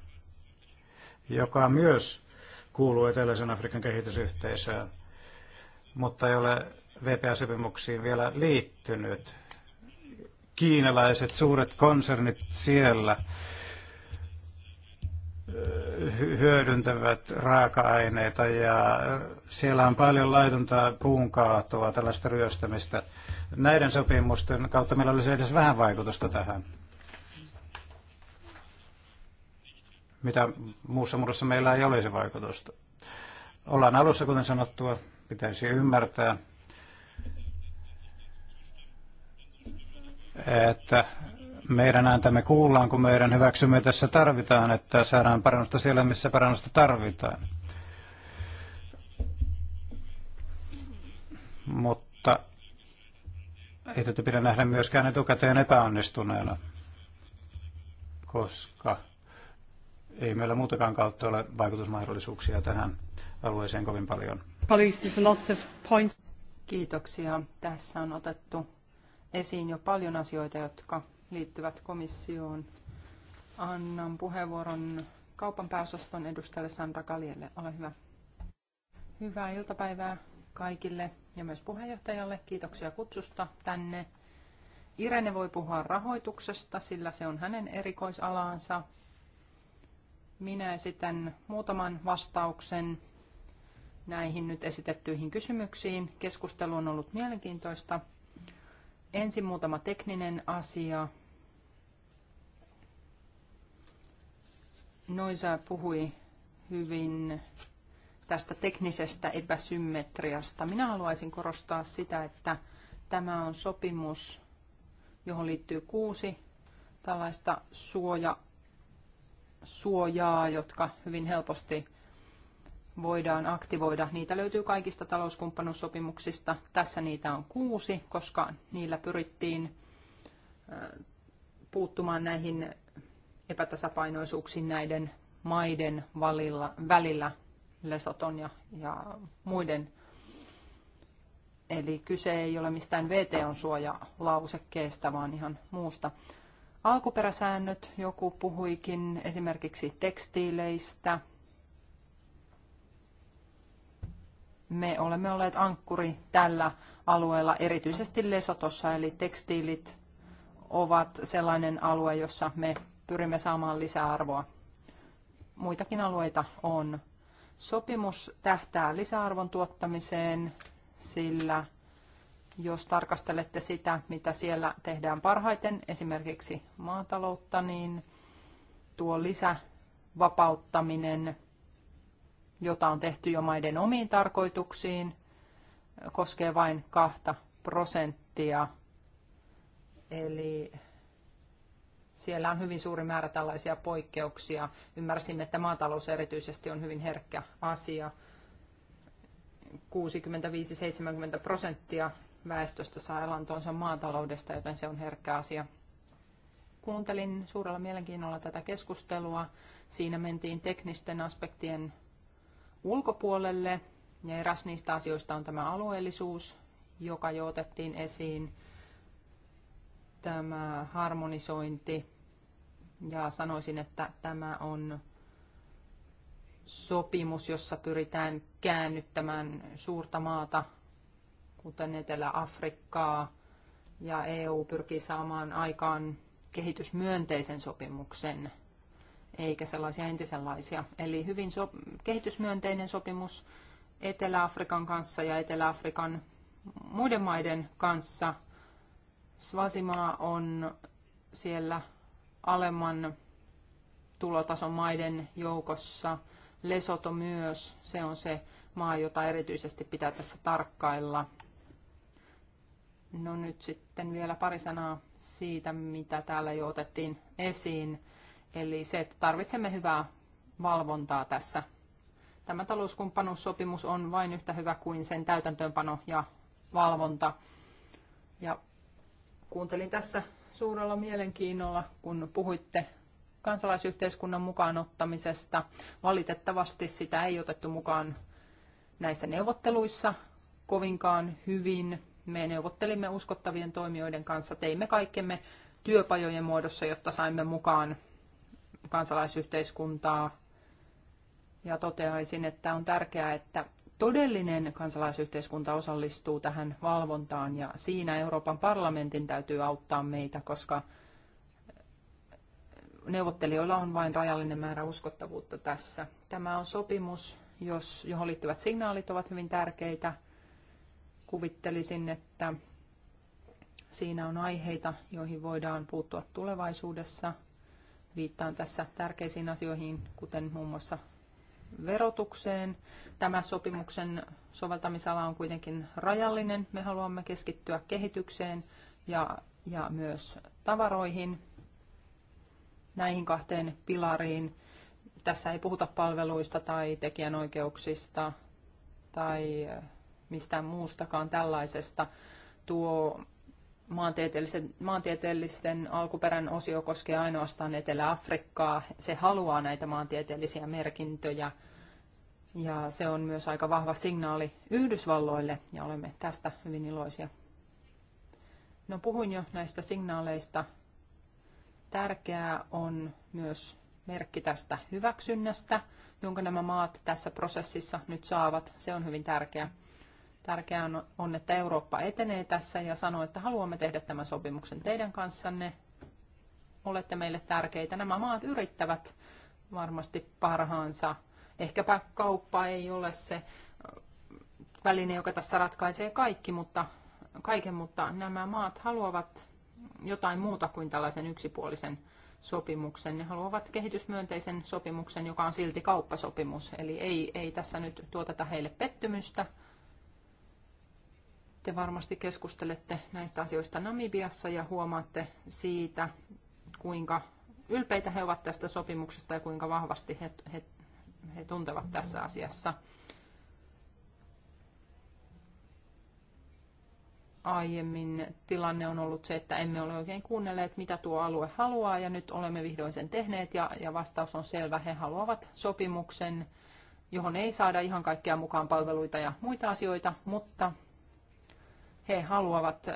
joka myös kuuluu Eteläisen Afrikan kehitysyhteisöön, mutta ei ole VPA-sopimuksiin vielä liittynyt. Kiinalaiset suuret konsernit siellä hyödyntävät raaka-aineita ja siellä on paljon laitonta puunkaatoa, tällaista ryöstämistä. Näiden sopimusten kautta meillä olisi edes vähän vaikutusta tähän. Mitä muussa muodossa meillä ei olisi vaikutusta. Ollaan alussa, kuten sanottua, pitäisi ymmärtää, että meidän ääntämme kuullaan, kun meidän hyväksymme tässä tarvitaan, että saadaan parannusta siellä, missä parannusta tarvitaan. Mutta ei tätä pidä nähdä myöskään etukäteen epäonnistuneena, koska ei meillä muutakaan kautta ole vaikutusmahdollisuuksia tähän alueeseen kovin paljon. Kiitoksia. Tässä on otettu esiin jo paljon asioita, jotka liittyvät komissioon. Annan puheenvuoron kaupan pääosaston edustajalle Sandra Kalielle. Ole hyvä. Hyvää iltapäivää kaikille ja myös puheenjohtajalle. Kiitoksia kutsusta tänne. Irene voi puhua rahoituksesta, sillä se on hänen erikoisalaansa. Minä esitän muutaman vastauksen näihin nyt esitettyihin kysymyksiin. Keskustelu on ollut mielenkiintoista Ensin muutama tekninen asia. Noisa puhui hyvin tästä teknisestä epäsymmetriasta. Minä haluaisin korostaa sitä, että tämä on sopimus, johon liittyy kuusi tällaista suoja, suojaa, jotka hyvin helposti voidaan aktivoida. Niitä löytyy kaikista talouskumppanuussopimuksista. Tässä niitä on kuusi, koska niillä pyrittiin puuttumaan näihin epätasapainoisuuksiin näiden maiden valilla, välillä, Lesoton ja, ja muiden. Eli kyse ei ole mistään VTOn suojalausekkeesta, vaan ihan muusta. Alkuperäsäännöt, joku puhuikin esimerkiksi tekstiileistä, Me olemme olleet ankkuri tällä alueella, erityisesti Lesotossa, eli tekstiilit ovat sellainen alue, jossa me pyrimme saamaan lisäarvoa. Muitakin alueita on. Sopimus tähtää lisäarvon tuottamiseen, sillä jos tarkastelette sitä, mitä siellä tehdään parhaiten, esimerkiksi maataloutta, niin tuo lisävapauttaminen jota on tehty jo maiden omiin tarkoituksiin, koskee vain kahta prosenttia. Eli siellä on hyvin suuri määrä tällaisia poikkeuksia. Ymmärsimme, että maatalous erityisesti on hyvin herkkä asia. 65-70 prosenttia väestöstä saa elantonsa maataloudesta, joten se on herkkä asia. Kuuntelin suurella mielenkiinnolla tätä keskustelua. Siinä mentiin teknisten aspektien ulkopuolelle. Ja eräs niistä asioista on tämä alueellisuus, joka jo otettiin esiin, tämä harmonisointi. Ja sanoisin, että tämä on sopimus, jossa pyritään käännyttämään suurta maata, kuten Etelä-Afrikkaa, ja EU pyrkii saamaan aikaan kehitysmyönteisen sopimuksen eikä sellaisia entisenlaisia. Eli hyvin so- kehitysmyönteinen sopimus Etelä-Afrikan kanssa ja Etelä-Afrikan muiden maiden kanssa. Svasimaa on siellä alemman tulotason maiden joukossa. Lesoto myös, se on se maa, jota erityisesti pitää tässä tarkkailla. No nyt sitten vielä pari sanaa siitä, mitä täällä jo otettiin esiin. Eli se, että tarvitsemme hyvää valvontaa tässä. Tämä talouskumppanuussopimus on vain yhtä hyvä kuin sen täytäntöönpano ja valvonta. Ja kuuntelin tässä suurella mielenkiinnolla, kun puhuitte kansalaisyhteiskunnan mukaan ottamisesta. Valitettavasti sitä ei otettu mukaan näissä neuvotteluissa kovinkaan hyvin. Me neuvottelimme uskottavien toimijoiden kanssa, teimme kaikkemme työpajojen muodossa, jotta saimme mukaan kansalaisyhteiskuntaa ja toteaisin, että on tärkeää, että todellinen kansalaisyhteiskunta osallistuu tähän valvontaan ja siinä Euroopan parlamentin täytyy auttaa meitä, koska neuvottelijoilla on vain rajallinen määrä uskottavuutta tässä. Tämä on sopimus, jos, johon liittyvät signaalit ovat hyvin tärkeitä. Kuvittelisin, että siinä on aiheita, joihin voidaan puuttua tulevaisuudessa – Viittaan tässä tärkeisiin asioihin, kuten muun muassa verotukseen. Tämä sopimuksen soveltamisala on kuitenkin rajallinen. Me haluamme keskittyä kehitykseen ja, ja myös tavaroihin, näihin kahteen pilariin. Tässä ei puhuta palveluista tai tekijänoikeuksista tai eh, mistään muustakaan tällaisesta. Tuo maantieteellisten, maantieteellisten alkuperän osio koskee ainoastaan Etelä-Afrikkaa. Se haluaa näitä maantieteellisiä merkintöjä ja se on myös aika vahva signaali Yhdysvalloille ja olemme tästä hyvin iloisia. No puhuin jo näistä signaaleista. Tärkeää on myös merkki tästä hyväksynnästä, jonka nämä maat tässä prosessissa nyt saavat. Se on hyvin tärkeää. Tärkeää on, että Eurooppa etenee tässä ja sanoo, että haluamme tehdä tämän sopimuksen teidän kanssanne. Olette meille tärkeitä. Nämä maat yrittävät varmasti parhaansa. Ehkäpä kauppa ei ole se väline, joka tässä ratkaisee kaikki, mutta, kaiken, mutta nämä maat haluavat jotain muuta kuin tällaisen yksipuolisen sopimuksen. Ne haluavat kehitysmyönteisen sopimuksen, joka on silti kauppasopimus. Eli ei, ei tässä nyt tuoteta heille pettymystä te varmasti keskustelette näistä asioista Namibiassa ja huomaatte siitä, kuinka ylpeitä he ovat tästä sopimuksesta ja kuinka vahvasti he, he, he tuntevat tässä asiassa. Aiemmin tilanne on ollut se, että emme ole oikein kuunnelleet, mitä tuo alue haluaa, ja nyt olemme vihdoin sen tehneet, ja, ja vastaus on selvä. He haluavat sopimuksen, johon ei saada ihan kaikkea mukaan palveluita ja muita asioita, mutta he haluavat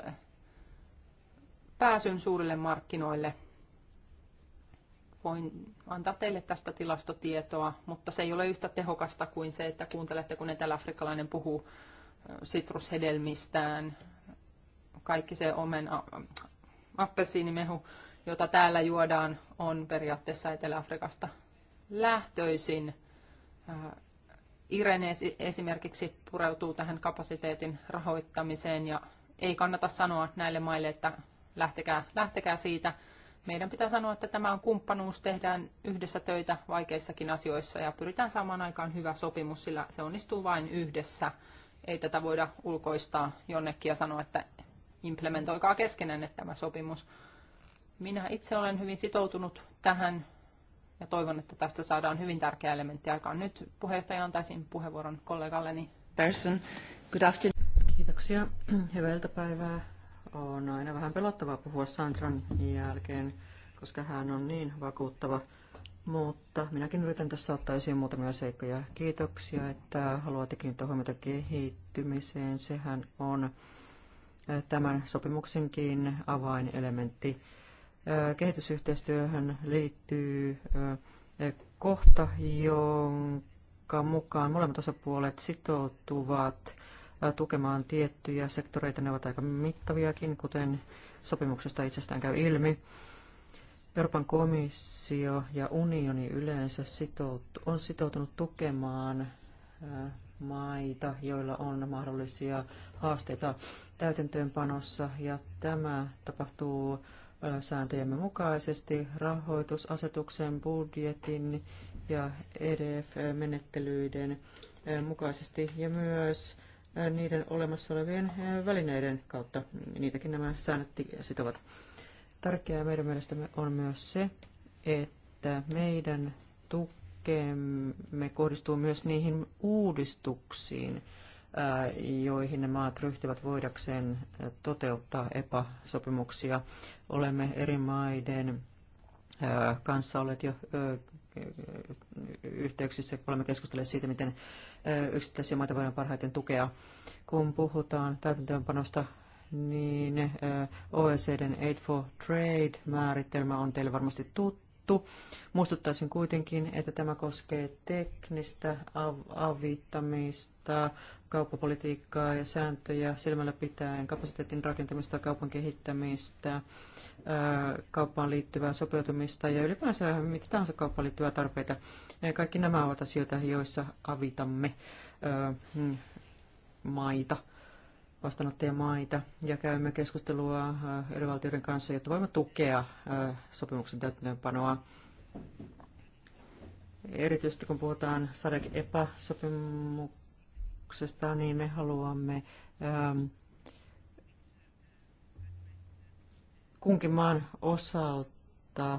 pääsyn suurille markkinoille. Voin antaa teille tästä tilastotietoa, mutta se ei ole yhtä tehokasta kuin se, että kuuntelette, kun eteläafrikkalainen puhuu sitrushedelmistään. Kaikki se omen appelsiinimehu, jota täällä juodaan, on periaatteessa Etelä-Afrikasta lähtöisin Irene esimerkiksi pureutuu tähän kapasiteetin rahoittamiseen ja ei kannata sanoa näille maille, että lähtekää, lähtekää siitä. Meidän pitää sanoa, että tämä on kumppanuus, tehdään yhdessä töitä vaikeissakin asioissa ja pyritään saamaan aikaan hyvä sopimus, sillä se onnistuu vain yhdessä. Ei tätä voida ulkoistaa jonnekin ja sanoa, että implementoikaa keskenään tämä sopimus. Minä itse olen hyvin sitoutunut tähän ja toivon, että tästä saadaan hyvin tärkeä elementti aikaan. Nyt puheenjohtajan antaisin puheenvuoron kollegalleni. Person. Good afternoon. Kiitoksia. Hyvää iltapäivää. On aina vähän pelottavaa puhua Sandran jälkeen, koska hän on niin vakuuttava. Mutta minäkin yritän tässä ottaa esiin muutamia seikkoja. Kiitoksia, että haluatte kiinnittää huomiota kehittymiseen. Sehän on eh, tämän sopimuksenkin avainelementti. elementti kehitysyhteistyöhön liittyy kohta, jonka mukaan molemmat osapuolet sitoutuvat tukemaan tiettyjä sektoreita. Ne ovat aika mittaviakin, kuten sopimuksesta itsestään käy ilmi. Euroopan komissio ja unioni yleensä sitoutu, on sitoutunut tukemaan maita, joilla on mahdollisia haasteita täytäntöönpanossa, ja tämä tapahtuu sääntöjemme mukaisesti rahoitusasetuksen, budjetin ja EDF-menettelyiden mukaisesti ja myös niiden olemassa olevien välineiden kautta. Niitäkin nämä säännöt sitovat. Tärkeää meidän mielestämme on myös se, että meidän tukemme kohdistuu myös niihin uudistuksiin, Äh, joihin ne maat ryhtyvät voidakseen äh, toteuttaa epäsopimuksia. Olemme eri maiden äh, kanssa olleet jo yhteyksissä, olemme keskustelleet siitä, miten yksittäisiä maita voidaan parhaiten tukea. Kun puhutaan täytäntöönpanosta, niin OECDn Aid for Trade määritelmä on teille varmasti tuttu sovittu. Muistuttaisin kuitenkin, että tämä koskee teknistä av- avittamista, kauppapolitiikkaa ja sääntöjä silmällä pitäen, kapasiteetin rakentamista, kaupan kehittämistä, kauppaan liittyvää sopeutumista ja ylipäänsä mitä tahansa kauppaan liittyvää tarpeita. Kaikki nämä ovat asioita, joissa avitamme maita – vastaanottajamaita ja käymme keskustelua äh, eri valtioiden kanssa, jotta voimme tukea äh, sopimuksen täytäntöönpanoa. Erityisesti kun puhutaan sadek epa sopimuksesta niin me haluamme ähm, kunkin maan osalta äh,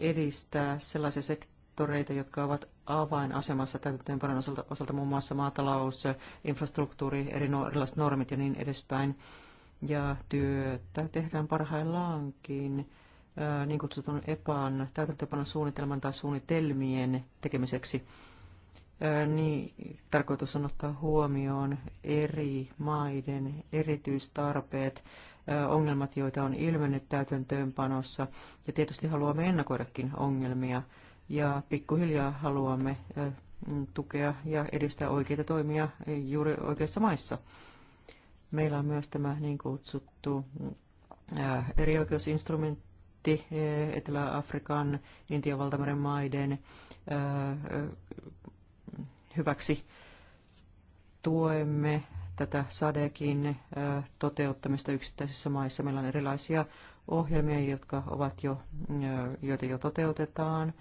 edistää sellaisia sektoreita, sektoreita, jotka ovat avainasemassa täytäntöönpanon osalta, osalta muun muassa maatalous, infrastruktuuri, eri no-, erilaiset normit ja niin edespäin. Ja työtä tehdään parhaillaankin äh, niin kutsutun EPAan täytäntöönpanon suunnitelman tai suunnitelmien tekemiseksi. Äh, niin, tarkoitus on ottaa huomioon eri maiden erityistarpeet, äh, ongelmat, joita on ilmennyt täytäntöönpanossa, ja tietysti haluamme ennakoidakin ongelmia – ja pikkuhiljaa haluamme mm, tukea ja edistää oikeita toimia juuri oikeissa maissa. Meillä on myös tämä niin kutsuttu mm, erioikeusinstrumentti Etelä-Afrikan, Intian valtameren maiden hyväksi. Tuemme tätä SADEKin toteuttamista yksittäisissä maissa. Meillä on erilaisia ohjelmia, jotka ovat jo, mm, joita jo toteutetaan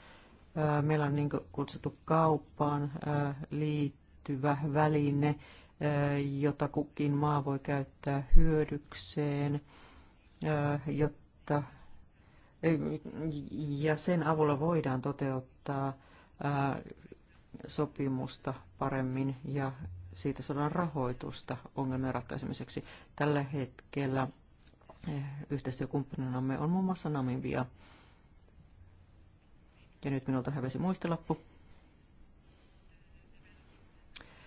Meillä on niin kutsuttu kauppaan liittyvä väline, jota kukin maa voi käyttää hyödykseen, jotta, ja sen avulla voidaan toteuttaa sopimusta paremmin ja siitä saadaan rahoitusta ongelmien ratkaisemiseksi. Tällä hetkellä yhteistyökumppaninamme on muun muassa Namibia. Ja nyt minulta hävisi muistilappu.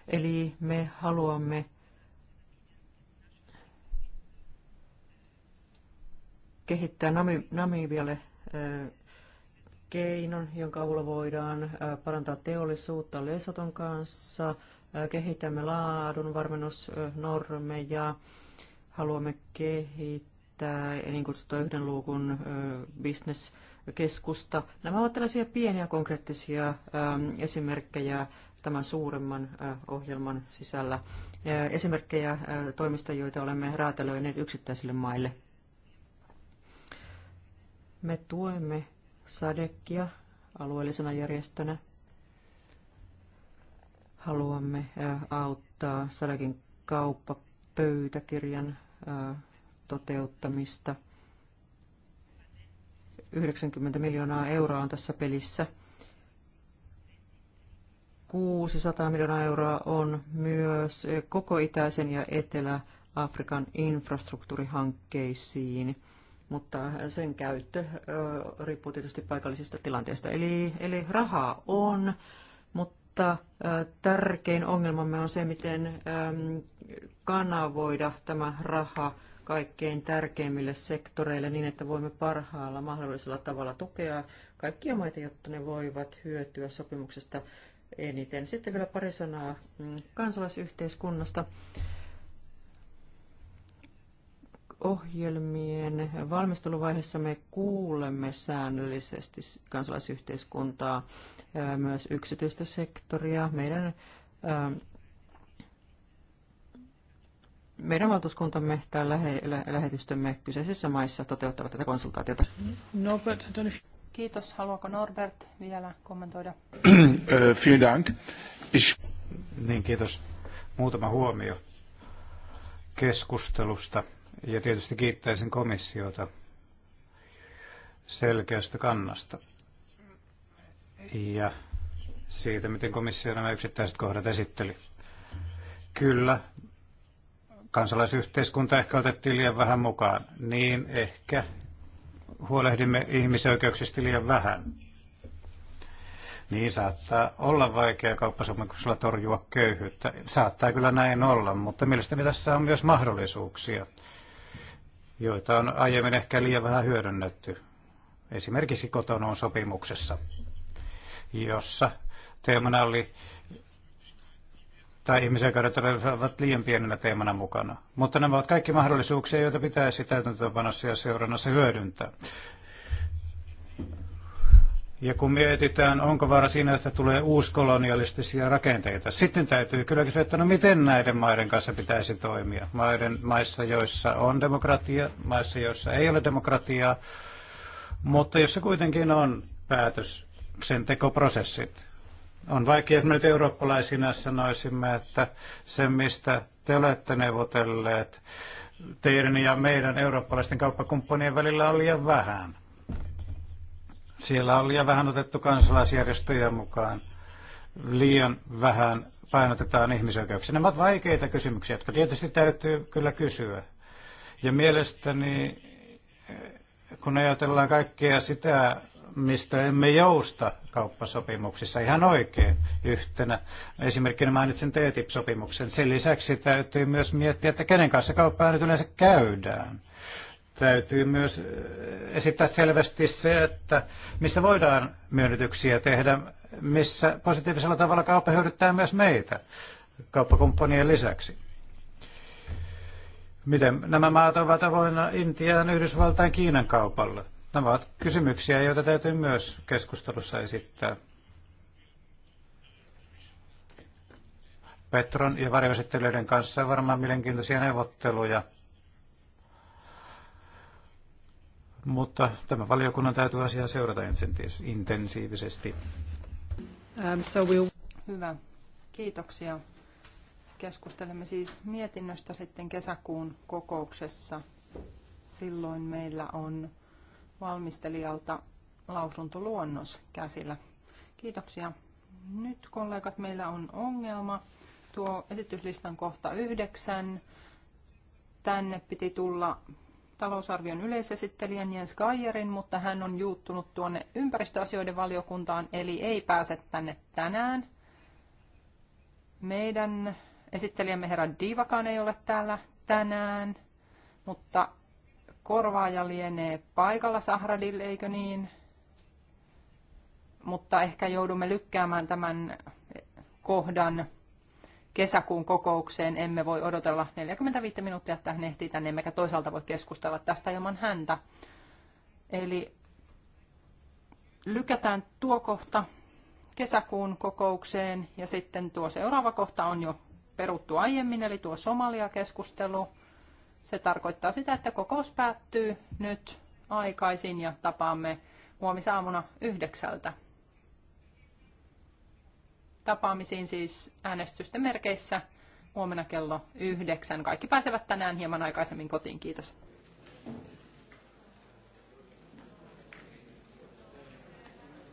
Eli me haluamme kehittää Namibialle keinon, jonka avulla voidaan parantaa teollisuutta Lesoton kanssa. Kehitämme laadun varmennusnormeja. Haluamme kehittää niin kutsuttua yhden luukun business keskusta. Nämä ovat tällaisia pieniä konkreettisia ähm, esimerkkejä tämän suuremman äh, ohjelman sisällä. Esimerkkejä äh, toimista, joita olemme räätälöineet yksittäisille maille. Me tuemme SADEKia alueellisena järjestönä. Haluamme äh, auttaa SADEKin kauppapöytäkirjan toteuttamista – 90 miljoonaa euroa on tässä pelissä. 600 miljoonaa euroa on myös koko itäisen ja etelä-Afrikan infrastruktuurihankkeisiin, mutta sen käyttö riippuu tietysti paikallisista tilanteista. Eli, eli rahaa on, mutta tärkein ongelmamme on se, miten kanavoida tämä raha kaikkein tärkeimmille sektoreille niin, että voimme parhaalla mahdollisella tavalla tukea kaikkia maita, jotta ne voivat hyötyä sopimuksesta eniten. Sitten vielä pari sanaa mm, kansalaisyhteiskunnasta. Ohjelmien valmisteluvaiheessa me kuulemme säännöllisesti kansalaisyhteiskuntaa, myös yksityistä sektoria. Meidän meidän valtuuskuntamme tai lähe, lä, lähetystömme kyseisissä maissa toteuttavat tätä konsultaatiota. Norbert, Kiitos. Haluaako Norbert vielä kommentoida? Äh, vielen Dank. Ich... Niin, kiitos. Muutama huomio keskustelusta ja tietysti kiittäisin komissiota selkeästä kannasta ja siitä, miten komissio nämä yksittäiset kohdat esitteli. Kyllä, kansalaisyhteiskunta ehkä otettiin liian vähän mukaan, niin ehkä huolehdimme ihmisoikeuksista liian vähän. Niin saattaa olla vaikea kauppasopimuksella torjua köyhyyttä. Saattaa kyllä näin olla, mutta mielestäni tässä on myös mahdollisuuksia, joita on aiemmin ehkä liian vähän hyödynnetty. Esimerkiksi kotona on sopimuksessa, jossa teemana oli tai ihmisoikeudet ovat liian pienenä teemana mukana. Mutta nämä ovat kaikki mahdollisuuksia, joita pitäisi täytäntöönpanossa ja seurannassa hyödyntää. Ja kun mietitään, onko vaara siinä, että tulee uuskolonialistisia rakenteita, sitten täytyy kyllä kysyä, että no miten näiden maiden kanssa pitäisi toimia. Maiden, maissa, joissa on demokratia, maissa, joissa ei ole demokratiaa, mutta jossa kuitenkin on päätös sen tekoprosessit. On vaikea, että me nyt eurooppalaisina sanoisimme, että se mistä te olette neuvotelleet teidän ja meidän eurooppalaisten kauppakumppanien välillä on liian vähän. Siellä on liian vähän otettu kansalaisjärjestöjä mukaan. Liian vähän painotetaan ihmisoikeuksia. Nämä ovat vaikeita kysymyksiä, jotka tietysti täytyy kyllä kysyä. Ja mielestäni, eh, kun ajatellaan kaikkea sitä, mistä emme jousta kauppasopimuksissa ihan oikein yhtenä. Esimerkkinä mainitsen TTIP-sopimuksen. Sen lisäksi täytyy myös miettiä, että kenen kanssa kauppaa nyt yleensä käydään. Täytyy myös äh, esittää selvästi se, että missä voidaan myönnytyksiä tehdä, missä positiivisella tavalla kauppa hyödyttää myös meitä kauppakumppanien lisäksi. Miten nämä maat ovat avoinna Intiaan, Yhdysvaltain, Kiinan kaupalle? Nämä ovat kysymyksiä, joita täytyy myös keskustelussa esittää. Petron ja varjoesittelijöiden kanssa on varmaan mielenkiintoisia neuvotteluja. Mutta tämä valiokunnan täytyy asiaa seurata intensiivisesti. Um, so we'll... Hyvä. Kiitoksia. Keskustelemme siis mietinnöstä sitten kesäkuun kokouksessa. Silloin meillä on valmistelijalta lausuntoluonnos käsillä. Kiitoksia. Nyt kollegat, meillä on ongelma. Tuo esityslistan kohta yhdeksän. Tänne piti tulla talousarvion yleisesittelijän Jens Kajerin, mutta hän on juuttunut tuonne ympäristöasioiden valiokuntaan, eli ei pääse tänne tänään. Meidän esittelijämme herra Diivakaan ei ole täällä tänään, mutta korvaaja lienee paikalla Sahradille, eikö niin? Mutta ehkä joudumme lykkäämään tämän kohdan kesäkuun kokoukseen. Emme voi odotella 45 minuuttia, että hän ehtii tänne, emmekä toisaalta voi keskustella tästä ilman häntä. Eli lykätään tuo kohta kesäkuun kokoukseen ja sitten tuo seuraava kohta on jo peruttu aiemmin, eli tuo Somalia-keskustelu. Se tarkoittaa sitä, että kokous päättyy nyt aikaisin ja tapaamme huomisaamuna yhdeksältä. Tapaamisiin siis äänestysten merkeissä huomenna kello yhdeksän. Kaikki pääsevät tänään hieman aikaisemmin kotiin. Kiitos.